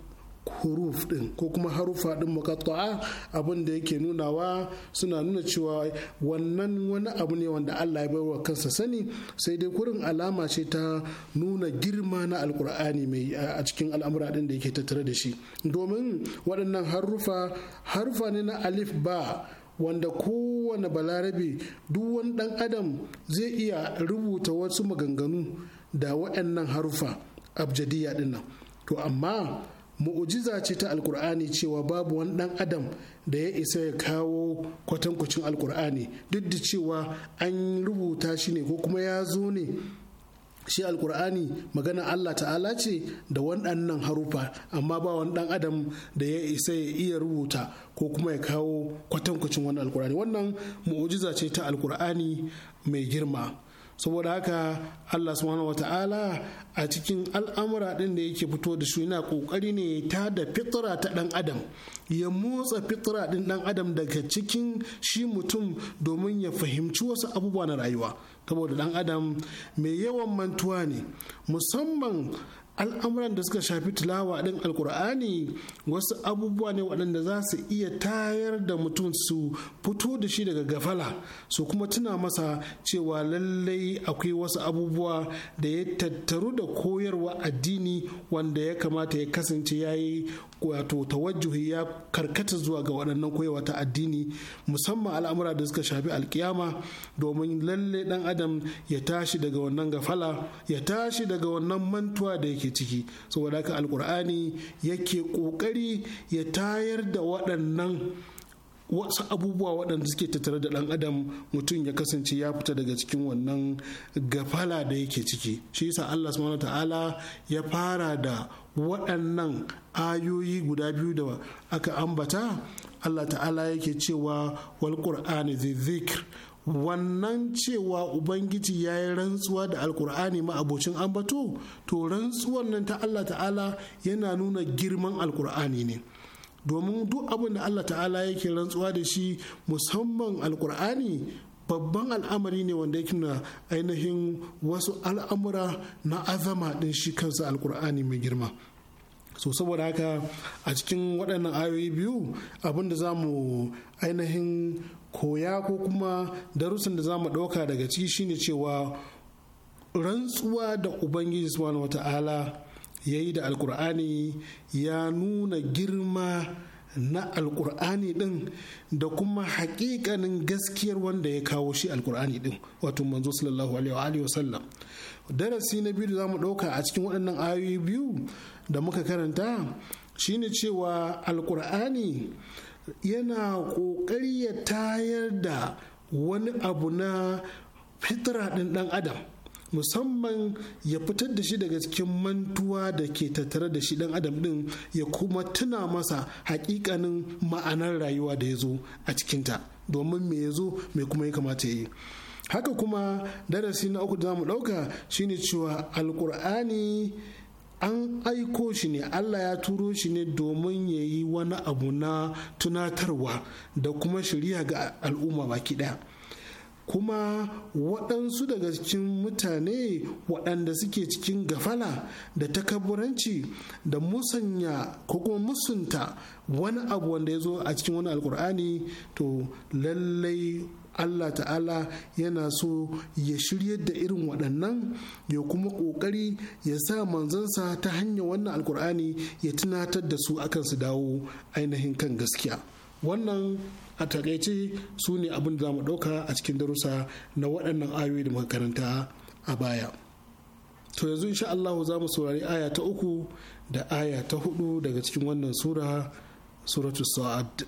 huruf din ko kuma harufa din muqatta'a abin da yake nunawa suna nuna cewa wannan wani abu ne wanda Allah ya baiwa kansa sani sai dai kurin alama ce ta nuna girma na alkur'ani mai a cikin al'amura din da yake tattare da shi domin waɗannan harufa harufa ne na alif ba wanda kowane balarabe duk wani ɗan adam zai iya rubuta wasu maganganu da waɗannan harufa abjadiya dinnan to amma mu'ujiza ce ta alkur'ani cewa babu wani dan adam da ya isa ya kawo kwatankwacin alkur'ani duk da cewa an rubuta shi ne ko kuma ya zo ne shi alkur'ani magana Allah ta'ala ce da waɗannan harufa amma ba wani dan adam da ya isa ya iya rubuta ko kuma ya kawo kwatankucin wani alkur'ani wannan mu'ujiza ce ta alkur'ani mai girma saboda haka Allah subhanahu wata'ala a cikin al'amura ɗin da yake fito da shi, yana ƙoƙari ne ta da fitra ta ɗan adam ya motsa fitra ɗin ɗan adam daga cikin shi mutum domin ya fahimci wasu abubuwa na rayuwa saboda ɗan adam mai yawan mantuwa ne musamman al'amuran da suka shafi tilawa ɗin alkur'ani wasu abubuwa ne waɗanda za su iya tayar da mutum su fito da shi daga gafala su kuma tuna masa cewa lallai akwai wasu abubuwa da ya tattaru da koyarwa addini wanda ya kamata ya kasance ya yi wato tawajjuhi ya karkata zuwa ga waɗannan koyarwa ta addini musamman al'amura da suka shafi alkiyama domin lallai ɗan adam ya tashi daga wannan gafala ya tashi daga wannan mantuwa da yake ake ciki saboda haka alkur'ani yake kokari ya tayar da waɗannan wasu abubuwa waɗanda suke tattare da ɗan adam mutum ya kasance ya fita daga cikin wannan gafala da yake ciki shi yasa Allah subhanahu ta'ala ya fara da waɗannan ayoyi guda biyu da aka ambata Allah ta'ala yake cewa wal qur'ani zikr wannan cewa ubangiji ya yi rantsuwa da alkur'ani ma'abocin ambato to rantsuwar nan ta allah ta'ala yana nuna girman alkur'ani ne domin duk abin da allah ta'ala yake rantsuwa da shi musamman alkur'ani babban al'amari ne wanda yake na ainihin wasu al'amura na azama din shi kansa alkur'ani mai girma so saboda haka a cikin waɗannan ayoyi biyu abinda za mu ainihin koya ko kuma darussan da za mu ɗauka daga ciki shine cewa rantsuwa da ubangiji subhanahu wata'ala ya yi da alkur'ani ya nuna girma na alkur'ani din da kuma hakikanin gaskiyar wanda ya kawo shi alkur'ani din wato manzo sallallahu alaihi wa sallam darasi na biyu da zamu dauka a cikin waɗannan ayoyi biyu da muka karanta shine cewa alkur'ani yana ƙoƙari ya tayar da wani abu na fitra ɗin ɗan adam musamman ya fitar da shi daga cikin mantuwa da ke tattare da shi ɗan adam ɗin, ya kuma tuna masa hakikanin ma'anar rayuwa da ya zo a cikinta domin me ya zo me kuma ya kamata ya yi haka kuma darasi na uku da za mu ɗauka shine cewa alkur'ani an aiko shi ne Allah ya turo shi ne domin ya yi wani abu na tunatarwa da kuma shirya ga al'umma baki ɗaya. kuma waɗansu daga cikin mutane waɗanda suke cikin gafala da takaburanci da musanya ko kuma musunta wani abu wanda ya zo a cikin wani alkur'ani to lallai Allah ta'ala yana so ya shiryar da irin waɗannan ya kuma ƙoƙari ya sa manzansa ta hanyar wannan alkur'ani ya tunatar da su akan su dawo ainihin kan gaskiya wannan a takaice su ne abin da za mu ɗauka a cikin darussa na waɗannan ayoyi da muka a baya to yanzu insha Allah za mu saurari aya ta uku da aya ta hudu daga cikin wannan sura suratu sa'ad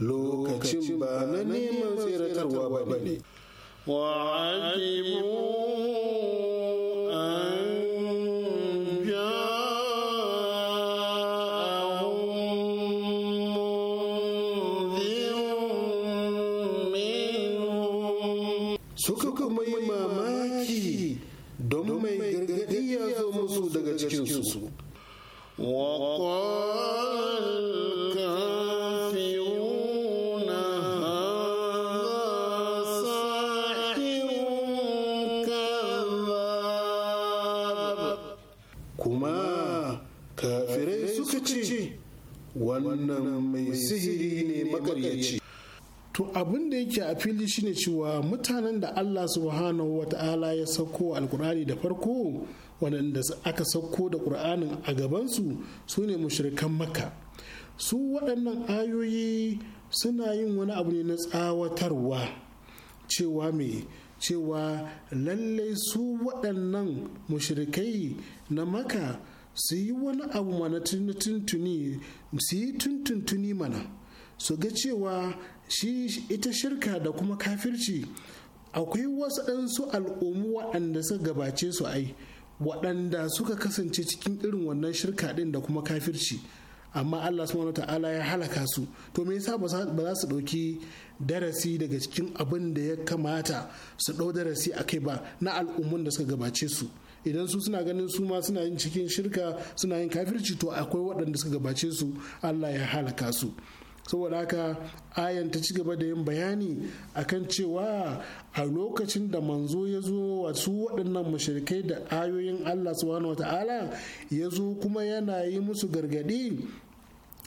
lokacin ba na neman tseratarwa ba ne wa'adimu da yake a fili shine cewa mutanen da Allah subhanahu wa ta'ala ya sauko alkur'ani da farko waɗanda aka sauko da ƙur'anin a gabansu su ne mushrikan maka; su waɗannan ayoyi suna yin wani abu ne na tsawatarwa cewa me cewa lallai su waɗannan mushrikai na maka su yi wani abu mana tuntuni su yi tuntuntuni mana su ga cewa shi ita shirka da kuma kafirci akwai wasu ɗansu al'ummu waɗanda suka gabace su ai waɗanda suka kasance cikin irin wannan shirka ɗin da kuma kafirci amma Allah subhanahu ta'ala ya halaka su to me yasa ba za su ɗauki darasi daga cikin abin da ya kamata su ɗau darasi a kai ba na al'ummun da suka gabace su idan su suna ganin su ma suna yin cikin shirka suna yin kafirci to akwai waɗanda suka gabace su Allah ya halaka su saboda haka ayan ta cigaba da yin bayani akan cewa a lokacin da manzo ya zo wa su waɗannan mashirikai da ayoyin Allah subhanahu wata'ala ya zo kuma yana yi musu gargaɗi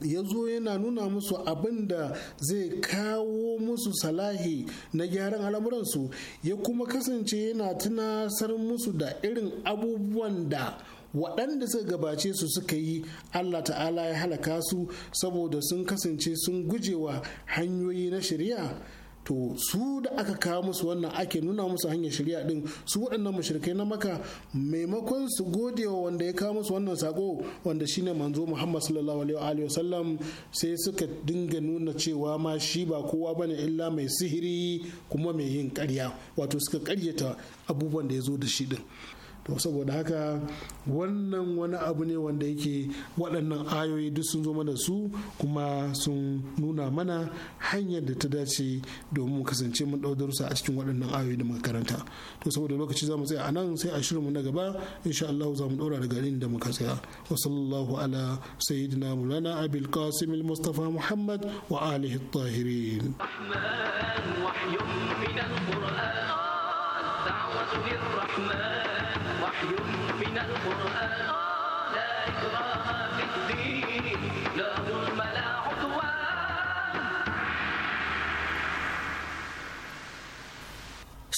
ya zo yana nuna musu abin da zai kawo musu salahi na gyaran al'amuransu ya kuma kasance yana tunasar musu da irin abubuwan da waɗanda suka gabace su suka yi Allah ta'ala ya halaka su saboda sun kasance sun gujewa hanyoyi na shari'a to su da aka kawo musu wannan ake nuna musu hanyar shari'a din su waɗannan mashirkai na maka maimakon su gode wa wanda ya kawo musu wannan sako wanda shine manzo Muhammad sallallahu alaihi wa sallam sai suka dinga nuna cewa ma shi ba kowa bane illa mai sihiri kuma mai yin karya, wato suka ƙaryata abubuwan da ya zo da shi din to saboda haka wannan wani abu ne wanda yake waɗannan ayoyi duk sun zo mana su kuma sun nuna mana hanyar da ta dace domin mu kasance mun ɗau darussa a cikin waɗannan ayoyi da muka karanta to saboda lokaci za mu tsaya a nan sai a shirin mu na gaba insha Allah za mu ɗora daga da muka tsaya wa sallallahu ala sayyidina mulana abil qasim mustafa muhammad wa alihi الطاهرين وحي من القرآن دعوة للرحمن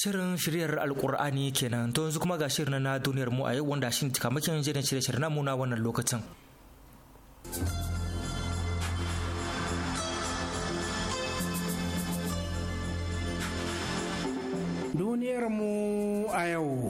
Shirin shiryar Alkur'ani kenan to yanzu kuma ga shirin na duniyar mu a yau wanda shi kamakin jirin shirye shirye na muna wannan lokacin. Duniyar mu a yau.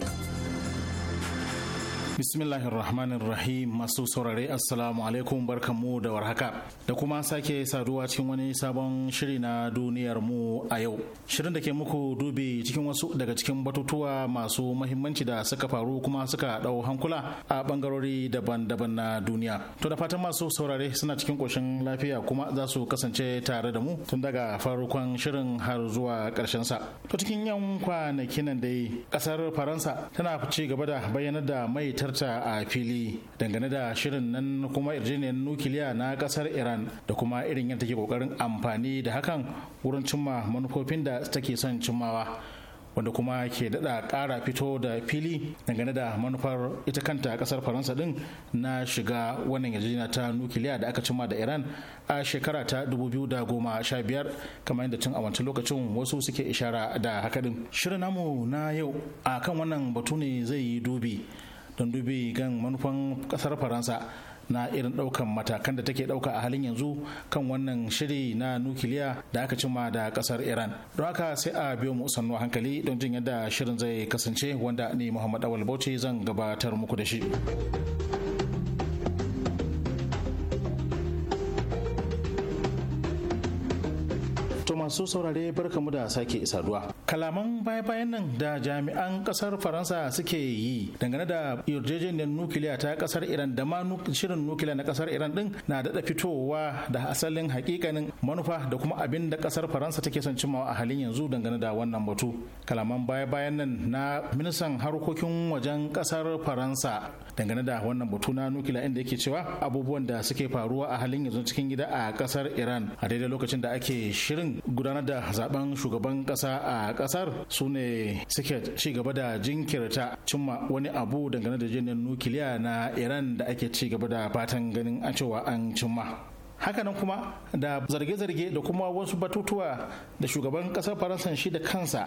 Bismillahirrahmanirrahim masu saurare assalamu alaikum barkanmu da warhaka da kuma sake saduwa cikin wani sabon shiri na duniyar mu a yau. Shirin da ke muku dubi cikin wasu daga cikin batutuwa masu mahimmanci da suka faru kuma suka dau hankula a bangarori daban-daban na duniya. To da fatan masu saurare suna cikin koshin lafiya kuma za su kasance tare da mu tun daga farkon shirin har zuwa karshen sa. To cikin yan kwanakin nan dai kasar Faransa tana ci gaba da bayyanar da mai fuskarta a fili dangane da shirin nan kuma irjiniyar nukiliya na kasar iran da kuma irin yadda take kokarin amfani da hakan wurin cimma manufofin da take son cimmawa wanda kuma ke dada kara fito da fili dangane da manufar ita kanta kasar faransa din na shiga wannan yarjejeniya ta nukiliya da aka cimma da iran a shekara ta 2015 kamar yadda tun a wancan lokacin wasu suke ishara da haka din shirin namu na yau a kan wannan batu ne zai yi dubi don gan manufan kasar faransa na irin daukan matakan da take dauka a halin yanzu kan wannan shiri na nukiliya da aka cimma da kasar iran don haka sai a biyo mu sannu hankali don jin yadda shirin zai kasance wanda ni muhammad awal bauchi zan gabatar muku da shi masu saurare barka mu da sake saduwa. Kalaman baya-bayan nan da jami'an kasar Faransa suke yi dangane da yarjejeniyar nukiliya ta kasar Iran da ma shirin nukiliya na kasar Iran din na daɗa fitowa da asalin hakikanin manufa da kuma abin da kasar Faransa take son cimawa a halin yanzu dangane da wannan batu. Kalaman baya-bayan nan na ministan harkokin wajen kasar Faransa dangane da wannan batu na nukiliya inda yake cewa abubuwan da suke faruwa a halin yanzu cikin gida a kasar Iran a daidai lokacin da ake shirin gudanar da zaben shugaban kasa a kasar su ne suke ci gaba da jinkirta cimma wani abu dangane da jinin nukiliya na iran da ake ci gaba da fatan ganin an cewa an cimma hakanan kuma da zarge-zarge da kuma wasu batutuwa da shugaban kasar faransa shi da kansa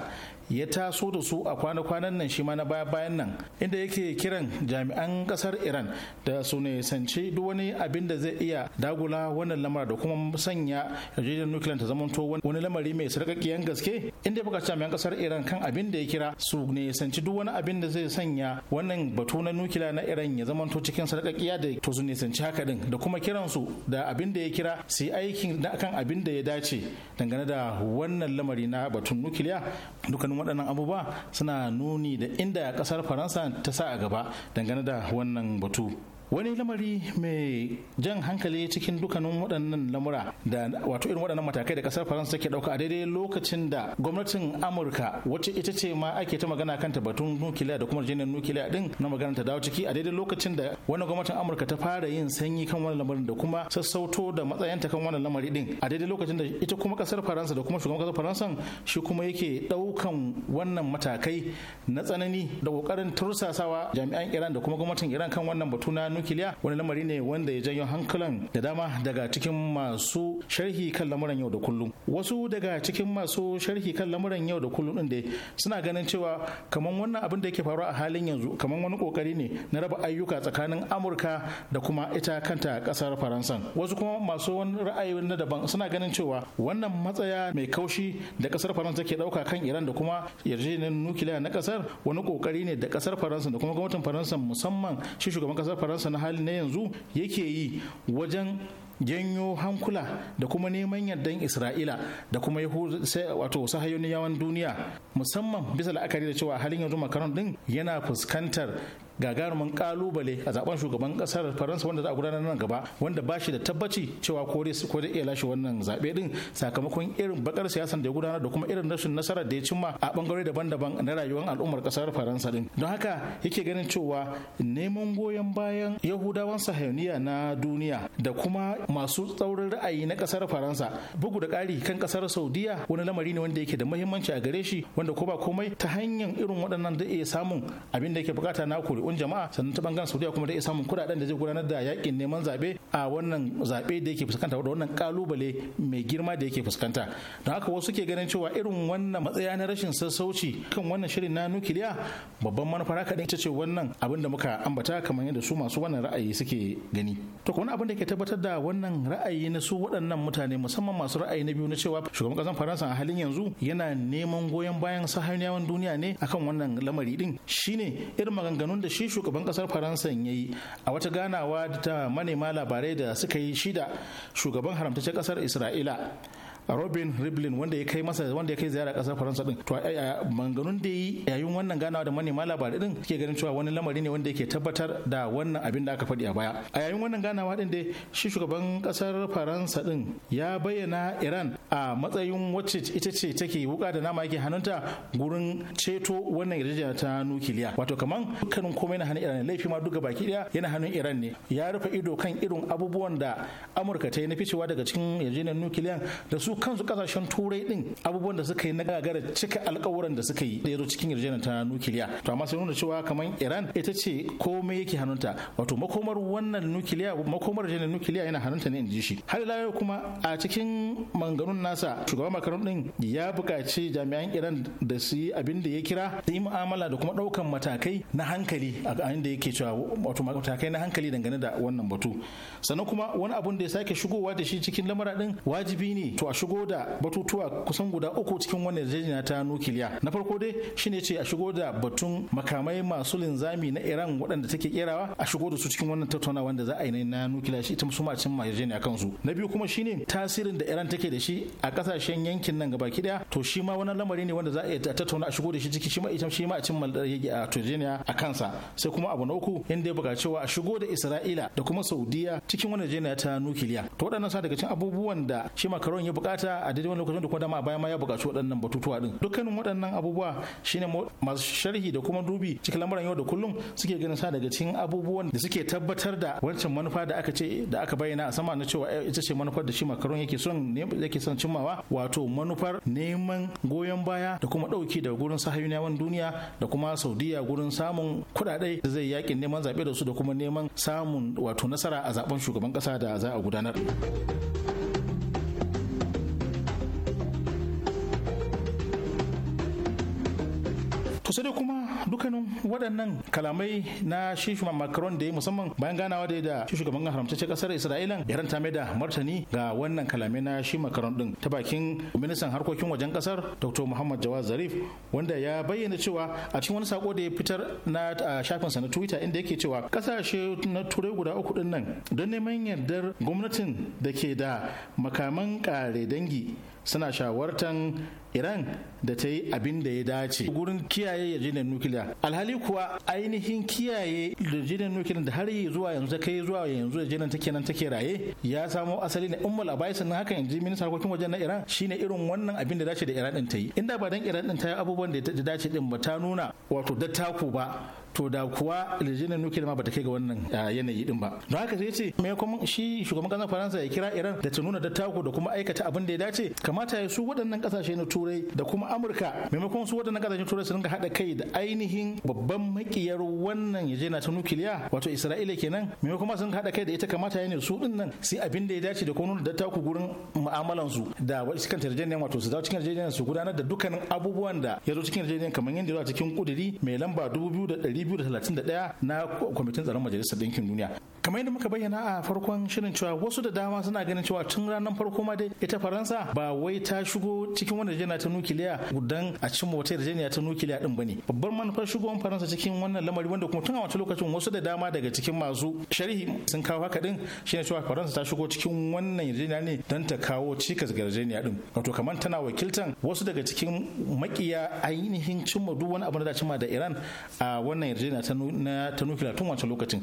ya taso da su a kwana-kwanan nan shi ma na baya-bayan nan inda yake kiran jami'an kasar iran da su nisanci duk wani abin da zai iya dagula wannan lamar da kuma sanya yarjejeniyar nukiliyar ta zamanto wani lamari mai sarƙaƙiyan gaske inda ya bukaci jami'an kasar iran kan abin da ya kira su nisanci duk wani abin da zai sanya wannan batu na nukiliya na iran ya zamanto cikin sarƙaƙiya da to su nisanci haka din da kuma kiransu da abin da ya kira su yi aikin da kan abin da ya dace dangane da wannan lamari na batun nukiliya dukkanin waɗannan abubuwa suna nuni da inda ƙasar faransa ta sa a gaba dangane da wannan batu wani lamari mai jan hankali cikin dukkanin waɗannan lamura da wato irin waɗannan matakai da ƙasar faransa ke ɗauka a daidai lokacin da gwamnatin amurka wacce ita ce ma ake ta magana kanta batun nukiliya da kuma jinin nukiliya din na magana ta dawo ciki a daidai lokacin da wani gwamnatin amurka ta fara yin sanyi kan wannan lamarin da kuma sassauto da matsayanta kan wannan lamari din a daidai lokacin da ita kuma ƙasar faransa da kuma shugaban ƙasar faransa shi kuma yake ɗaukan wannan matakai na tsanani da ƙoƙarin tursasawa jami'an iran da kuma gwamnatin iran kan wannan batu na nukiliya wani lamari ne wanda ya janyo hankalan da dama daga cikin masu sharhi kan lamuran yau da kullum wasu daga cikin masu sharhi kan lamuran yau da kullum din da suna ganin cewa kamar wannan abin da yake faruwa a halin yanzu kamar wani kokari ne na raba ayyuka tsakanin amurka da kuma ita kanta kasar faransa wasu kuma masu wani ra'ayi na daban suna ganin cewa wannan matsaya mai kaushi da kasar faransa ke dauka kan iran da kuma yarjejeniyar nukiliya na kasar wani kokari ne da kasar faransa da kuma gwamnatin faransa musamman shi shugaban kasar faransa na hali na yanzu yake yi wajen janyo hankula da kuma neman yardan isra'ila da kuma wato yawan duniya musamman bisa la'akari da cewa halin yanzu makaron din yana fuskantar gagarumin kalubale a zaben shugaban kasar faransa wanda za a gudanar nan gaba wanda ba shi da tabbaci cewa ko dai iya lashe wannan zaɓe din sakamakon irin bakar siyasan da ya gudanar da kuma irin rashin nasarar da ya cimma a bangare daban-daban na rayuwar al'ummar kasar faransa din don haka yake ganin cewa neman goyon bayan yahudawan sahaniya na duniya da kuma masu tsaurin ra'ayi na kasar faransa bugu da ƙari kan kasar saudiya wani lamari ne wanda yake da muhimmanci a gare shi wanda ko ba komai ta hanyar irin waɗannan da iya samun abin da yake bukata na kuri ɗabi'un jama'a sannan ta bangaren saudiya kuma da iya samun kuɗaɗen da zai gudanar da yakin neman zaɓe a wannan zaɓe da yake fuskanta da wannan kalubale mai girma da yake fuskanta don haka wasu ke ganin cewa irin wannan matsaya na rashin sassauci kan wannan shirin na nukiliya babban manufar haka ita ce wannan abin da muka ambata kamar yadda su masu wannan ra'ayi suke gani to kuma abin da ke tabbatar da wannan ra'ayi na su waɗannan mutane musamman masu ra'ayi na biyu na cewa shugaban ƙasar faransa a halin yanzu yana neman goyon bayan sahaniyawan duniya ne akan wannan lamari din shine irin maganganun da shi shugaban kasar faransa ya yi a wata ganawa ta manema labarai da suka yi shida shugaban haramtaccen kasar isra'ila robin riblin wanda ya kai masa wanda ya kai ziyara kasar faransa din to a manganun da yi yayin wannan ganawa da manema labarai din ke ganin cewa wani lamari ne wanda yake tabbatar da wannan abin da aka faɗi a baya a yayin wannan ganawa din dai shi shugaban kasar faransa din ya bayyana iran a matsayin wacce ita ce take wuka da nama yake hannunta gurin ceto wannan yarjejeniya ta nukiliya wato kaman dukkanin komai na hannun iran ne laifi ma duka baki daya yana hannun iran ne ya rufe ido kan irin abubuwan da amurka ta yi na ficewa daga cikin yarjejeniyar nukiliyan da su su kansu kasashen turai din abubuwan da suka yi na gagara cika alkawuran da suka yi da yazo cikin yarjejeniyar ta nukiliya to amma sai nuna cewa kamar iran ita ce komai yake hannunta wato makomar wannan nukiliya makomar jenin nukiliya yana hannunta ne in ji shi har ila yau kuma a cikin manganun nasa shugaban makarun din ya buƙaci jami'an iran da su yi abin da ya kira su yi mu'amala da kuma ɗaukan matakai na hankali a da yake cewa wato matakai na hankali dangane da wannan batu sannan kuma wani abun da ya sake shigowa da shi cikin lamura din wajibi ne to a shigo da batutuwa kusan guda uku cikin wannan yarjejeniya ta nukiliya na farko dai shine ce a shigo da batun makamai masu linzami na iran waɗanda take kerawa a shigo da su cikin wannan tattaunawa wanda za a yi na nukiliya shi ita su ma cikin yarjejeniya kansu na biyu kuma shine tasirin da iran take da shi a kasashen yankin nan gabaki daya to shi ma wannan lamari ne wanda za a iya tattauna a shigo da shi ciki shi ma ita shi ma a cin yarjejeniya a kansa sai kuma abu na uku inda ya buƙaci cewa a shigo da isra'ila da kuma saudiya cikin wannan yarjejeniya ta nukiliya to waɗannan sa daga cikin abubuwan da shi makaron ya buƙata bukata a daidai wani lokacin da kuma dama a baya ma ya bukaci waɗannan batutuwa din dukkanin waɗannan abubuwa shine masu sharhi da kuma dubi cikin lamuran yau da kullum suke ganin sa daga cikin abubuwan da suke tabbatar da wancan manufa da aka ce da aka bayyana a sama na cewa eh, ita ce manufar da shi makaron yake son yake son cimmawa wato manufar neman goyon baya da kuma ɗauki da gurin sahayuniyawan duniya da kuma saudiya gurin samun kuɗaɗe da zai yakin neman zaɓe da su da kuma neman samun wato nasara a zaben shugaban ƙasa da za a gudanar. kusa sai dai kuma dukkanin waɗannan kalamai na shi macron da ya musamman bayan ganawa da da shugaban haramtaccen kasar isra'ila ya ranta mai da martani ga wannan kalamai na shi macron din ta bakin ministan harkokin wajen ƙasar dr muhammad jawad zarif wanda ya bayyana cewa a cikin wani sako da ya fitar na shafinsa na twitter inda yake cewa kasashe na turai guda uku din nan don neman yardar gwamnatin da ke da makaman kare dangi suna shawartan iran da ta yi abin da ya dace gurin kiyaye yarjejeniyar nukiliya alhali kuwa ainihin kiyaye yarjejeniyar nukiliya da har yi zuwa yanzu ta kai zuwa yanzu yarjejeniyar take nan take raye ya samo asali ne ummul abai sannan haka yanzu ministan harkokin wajen na iran shine irin wannan abin da dace da iran din ta yi inda ba dan iran din ta yi abubuwan da dace din ba ta nuna wato dattako ba to da kuwa rijiyar nukiliya ma bata kai ga wannan yanayi din ba don haka sai ce kuma shi shugaban kasar faransa ya kira iran da ta nuna tako da kuma aikata abin da ya dace kamata ya su waɗannan kasashe na turai da kuma amurka maimakon su waɗannan kasashen turai su dinga haɗa kai da ainihin babban makiyar wannan na ta nukiliya wato isra'ila kenan maimakon dinga haɗa kai da ita kamata ya ne su din nan sai abin da ya dace da kuma nuna tako gurin mu'amalan su da wasu kan tarjaniyar wato su dawo cikin tarjaniyar su gudanar da dukkanin abubuwan da ya zo cikin tarjaniyar kamar yadda ya cikin kuduri mai lamba dubu biyu da ɗari 2031 na kwamitin tsaron majalisar ɗinkin duniya kamar yadda muka bayyana a farkon shirin cewa wasu da dama suna ganin cewa tun ranar farko ma dai ita faransa ba wai ta shigo cikin wani yarjejeniya ta nukiliya gudan a cikin wata yarjejeniya ta nukiliya din bane babbar manufar shigowar faransa cikin wannan lamari wanda kuma tun a wata lokacin wasu da dama daga cikin masu sharhi sun kawo haka din shine cewa faransa ta shigo cikin wannan yarjejeniya ne don ta kawo cikas ga yarjejeniya din wato kamar tana wakiltan wasu daga cikin makiya ainihin cimma duk wani abu da cimma da iran a wannan yarjejeniya ta nukila tun wancan lokacin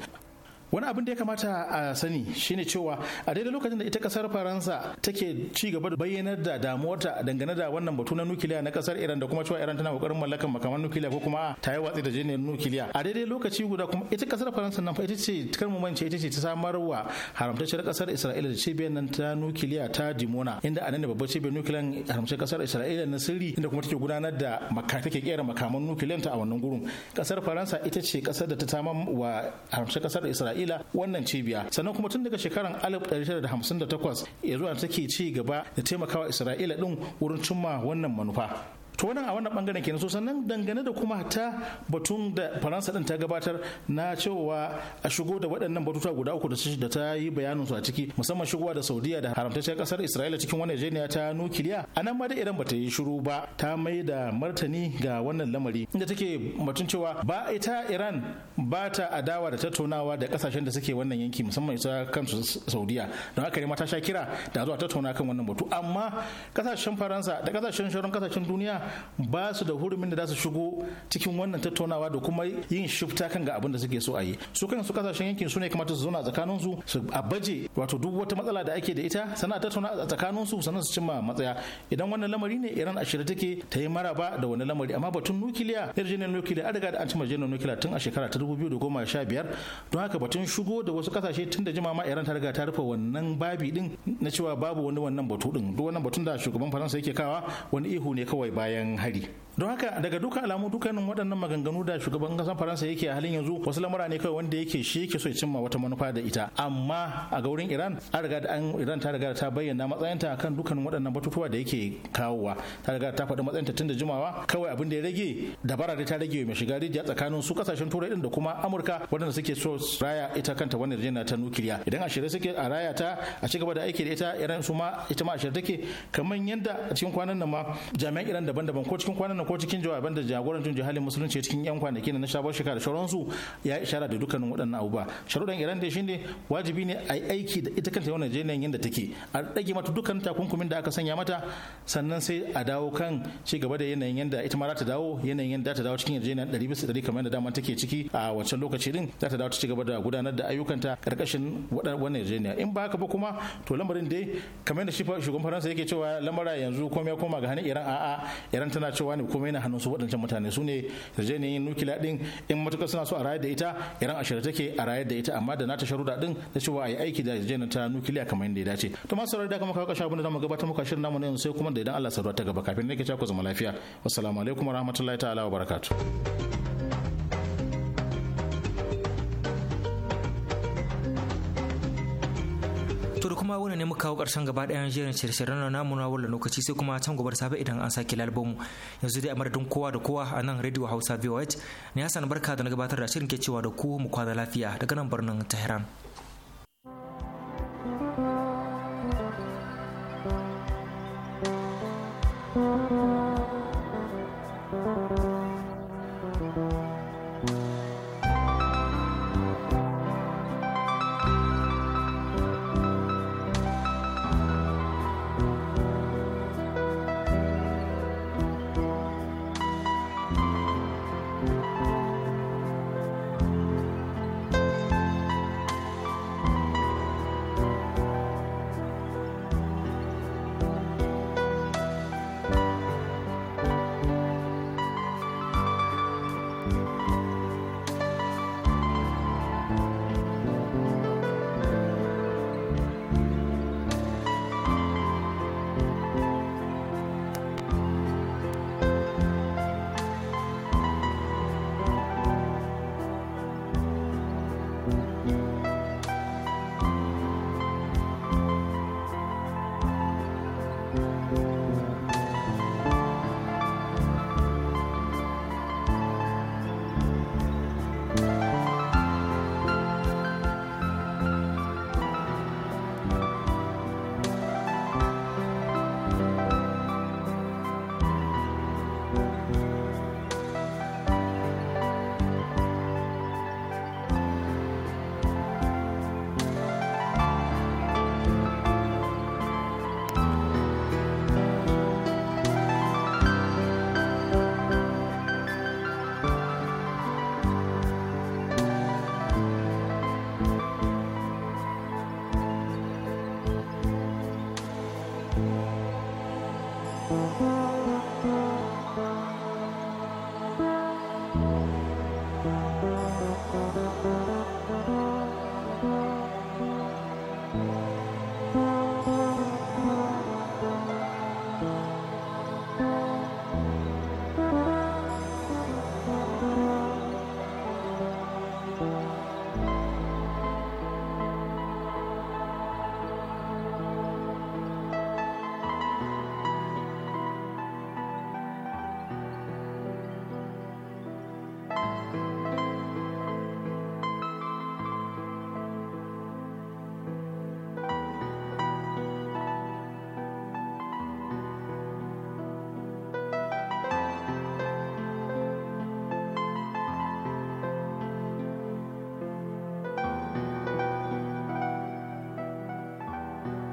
wani abin da ya kamata a sani shine cewa a daidai lokacin da ita kasar faransa take ci gaba da bayyanar da damuwarta dangane da wannan batu na nukiliya na kasar iran da kuma cewa iran tana kokarin mallakan makaman nukiliya ko kuma ta yi watsi da jiniyar nukiliya a daidai lokaci guda kuma ita kasar faransa nan fa ita ce kar mu mance ita ce ta samar wa haramtacciyar kasar isra'ila da cibiyar nan ta nukiliya ta dimona inda anan da babbar cibiyar nukiliyan haramtacciyar kasar isra'ila na sirri inda kuma take gudanar da maka take kera makaman ta a wannan gurin kasar faransa ita ce kasar da ta samar wa haramtacciyar kasar isra'ila isra'ila wannan cibiya sannan kuma tun daga shekarar 1958 ya zuwa take ci gaba da taimakawa isra'ila din wurin cimma wannan manufa to wannan a wannan bangaren kenan so sannan dangane da kuma ta batun da faransa din ta gabatar na cewa a shigo da waɗannan batuta guda uku da da ta yi bayanin su a ciki musamman shigowa da saudiya da haramtacciyar kasar isra'ila cikin wannan yarjejeniya ta nukiliya a nan ma da iran bata yi shiru ba ta mai da martani ga wannan lamari inda take batun cewa ba ita iran ba ta adawa da tattaunawa da kasashen da suke wannan yanki musamman ita kansu saudiya don haka ne ma ta sha kira da zuwa tattauna kan wannan batu amma kasashen faransa da kasashen shirin kasashen duniya ba su da hurumin da za su shigo cikin wannan tattaunawa da kuma yin shifta kan ga abin da suke so a yi su kan su kasashen yankin su ne kamata su zauna tsakanin su su abaje wato duk wata matsala da ake da ita sana tattauna a tsakanin su sannan su cimma matsaya idan wannan lamari ne Iran a shirye take ta yi maraba da wannan lamari amma batun nukiliya yarjejeniyar nukiliya an riga da an cimma yarjejeniyar nukiliya tun a shekara ta dubu biyu da goma sha biyar. don haka batun shigo da wasu kasashe tun da jima ma Iran ta riga ta rufe wannan babi din na cewa babu wani wannan batu din duk wannan batun da shugaban Faransa yake kawa wani ihu ne kawai bayan bayan hari don haka daga duka alamu dukkanin waɗannan maganganu da shugaban ƙasar faransa yake a halin yanzu wasu lamura ne kawai wanda yake shi yake so ya cimma wata manufa da ita amma a ga wurin iran an riga da an iran ta riga ta bayyana matsayinta kan dukkanin waɗannan batutuwa da yake kawowa ta riga ta faɗi matsayinta tun da jimawa kawai abin da ya rage dabara da ta rage mai shiga rijiya tsakanin su kasashen turai din da kuma amurka waɗanda suke so raya ita kanta wannan rijiya ta nukiliya idan a shirye suke a raya ta a ci gaba da aiki da ita iran su ma ita ma a shirye take kamar yadda a cikin kwanan nan ma jami'an iran daban-daban ko cikin kwanan nan ko cikin jawaban da jagoran jin jihalin musulunci cikin yan kwanaki na shabar shekara da shauransu ya ishara da dukkanin waɗannan abubuwa sharuɗan iran da shine wajibi ne a aiki da ita kanta wannan jeniyan yadda take a ɗage mata dukkan takunkumin da aka sanya mata sannan sai a dawo kan ci gaba da yanayin yadda ita ma za ta dawo yanayin yadda ta dawo cikin yarjejeniyar ɗari bisa ɗari kamar yadda daman take ciki a wancan lokaci din za ta dawo ta ci gaba da gudanar da ayyukanta ƙarƙashin wannan yarjejeniya in ba haka ba kuma to lamarin dai kamar yadda shugaban faransa yake cewa lamara yanzu komai koma ga hannun iran a'a iran tana cewa ne kuma yana hannun su waɗancan mutane su ne yarjejeniyar nukiliya din in matuƙar suna so a rayar da ita iran a shirya take a rayar da ita amma da nata sharuda din na cewa a yi aiki da yarjejeniyar ta nukiliya kamar yadda ya dace to masu saurari da kuma kawo kashe abinda da zamu gabatar muka shirin namu ne sai kuma da idan Allah sarrafa ta gaba kafin ne ke ku zama lafiya wassalamu alaikum warahmatullahi ta'ala wa barakatuh kuma wani ne muka kawo karshen gaba ɗayan jerin shirye-shiryen na namu na wannan lokaci sai kuma can gobar safe idan an sake lalbomu yanzu dai a madadin kowa da kowa a nan radio hausa voh ne hassan barka da na gabatar da shirin ke cewa da ku mu kwada lafiya daga nan birnin tehran